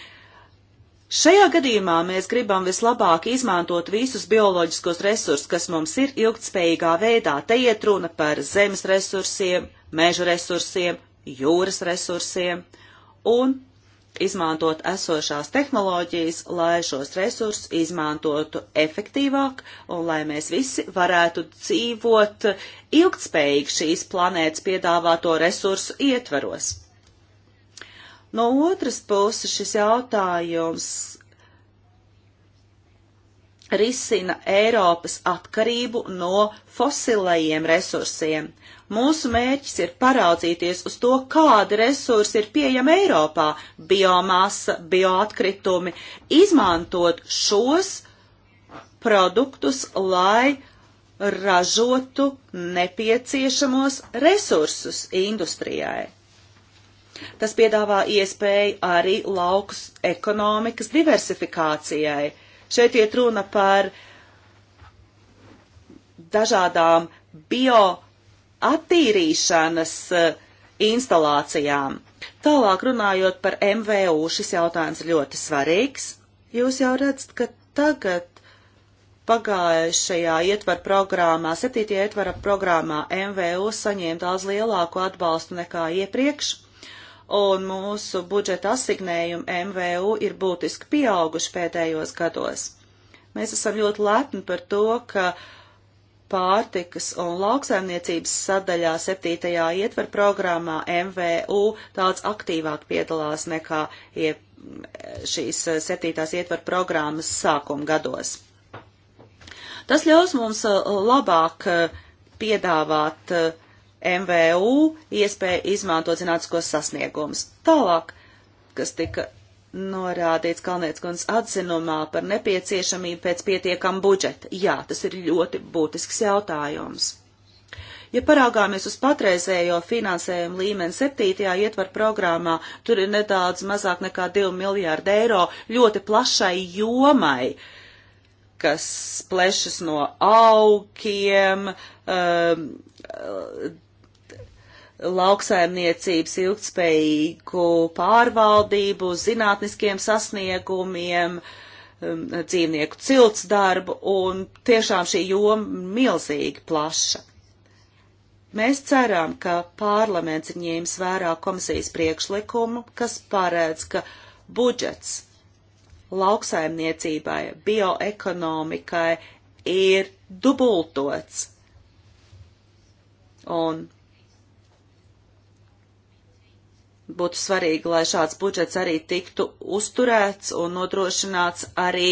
Šajā gadījumā mēs gribam vislabāk izmantot visus bioloģiskos resursus, kas mums ir ilgtspējīgā veidā. Te iet runa par zemes resursiem, meža resursiem, jūras resursiem un izmantot esošās tehnoloģijas, lai šos resursus izmantotu efektīvāk un lai mēs visi varētu dzīvot ilgtspējīgi šīs planētas piedāvāto resursu ietveros. No otras puses šis jautājums risina Eiropas atkarību no fosilējiem resursiem. Mūsu mērķis ir paraudzīties uz to, kādi resursi ir pieejami Eiropā - biomasa, bioatkritumi, izmantot šos produktus, lai ražotu nepieciešamos resursus industrijai. Tas piedāvā iespēju arī laukus ekonomikas diversifikācijai. Šeit iet runa par dažādām bio attīrīšanas eh, instalācijām. Tālāk runājot par MVU, šis jautājums ir ļoti svarīgs. Jūs jau redzat, ka tagad pagājušajā ietvaru programmā, 7. ietvaru programmā MVU saņēma daudz lielāku atbalstu nekā iepriekš un mūsu budžeta asignējumi MVU ir būtiski pieauguši pēdējos gados. Mēs esam ļoti lepni par to, ka pārtikas un lauksaimniecības sadaļā septītajā ietver programmā MVU daudz aktīvāk piedalās nekā šīs eh, septītās ietver programmas sākuma gados. Tas ļaus mums eh, labāk eh, piedāvāt uh, MVU iespēja izmantot zinātniskos sasniegumus. Tālāk, kas tika norādīts Kalnieckons atzinumā par nepieciešamību pēc pietiekam budžeta. Jā, tas ir ļoti būtisks jautājums. Ja paraugāmies uz patreizējo finansējumu līmeni septītajā ietvar programmā, tur ir nedaudz mazāk nekā 2 miljārdi eiro ļoti plašai jomai, kas plešas no aukiem, um, lauksaimniecības ilgtspējīgu pārvaldību, zinātniskiem sasniegumiem, um, dzīvnieku cilts darbu, un tiešām šī joma milzīgi plaša. Mēs ceram, ka parlaments ir ņēmis vērā komisijas priekšlikumu, kas paredz, ka budžets lauksaimniecībai, bioekonomikai ir dubultots. Un būtu svarīgi, lai šāds budžets arī tiktu uzturēts un nodrošināts arī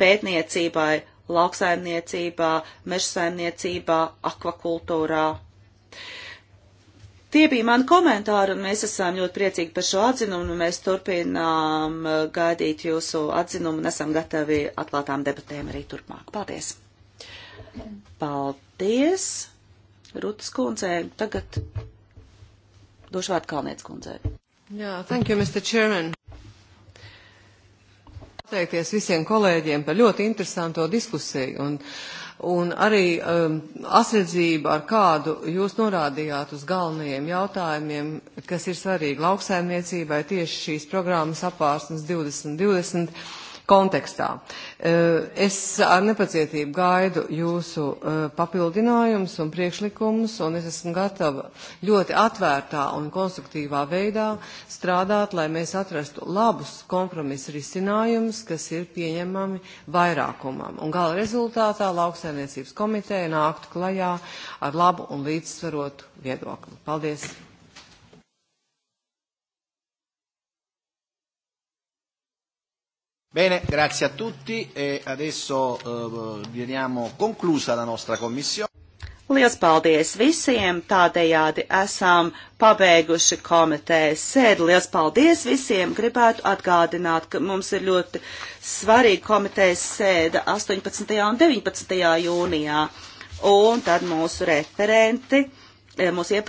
pētniecībai, lauksaimniecībā, mežsaimniecībā, akvakultūrā. Tie bija mani komentāri, un mēs esam ļoti priecīgi par šo atzinumu, un mēs turpinām uh, gaidīt jūsu atzinumu, un esam gatavi atklātām debatēm arī turpmāk. Paldies! Paldies, Rutas kundzei. Tagad došu vārdu Kalnietes kundzei. Jā, thank you, Mr. Chairman. Pateikties visiem kolēģiem par ļoti interesanto diskusiju. Un, un arī um, asredzība, ar kādu jūs norādījāt uz galvenajiem jautājumiem, kas ir svarīgi lauksaimniecībai tieši šīs programmas apārsnes 2020 kontekstā. Eh, es ar nepacietību gaidu jūsu eh, papildinājumus un priekšlikumus, un es esmu gatava ļoti atvērtā un konstruktīvā veidā strādāt, lai mēs atrastu labus kompromisu risinājumus, kas ir pieņemami vairākumam. Un gala rezultātā lauksainiecības komiteja nāktu klajā ar labu un līdzsvarotu viedokli. Paldies! Bene, grazie a tutti e adesso eh, veniamo conclusa la nostra commissione. Lielas paldies visiem, tādējādi esam pabeiguši komitejas sēdi. Lielas paldies visiem, gribētu atgādināt, ka mums ir ļoti svarīga komitejas sēda 18. un 19. jūnijā. Un tad mūsu referenti, eh, mūsu iepriekšējā.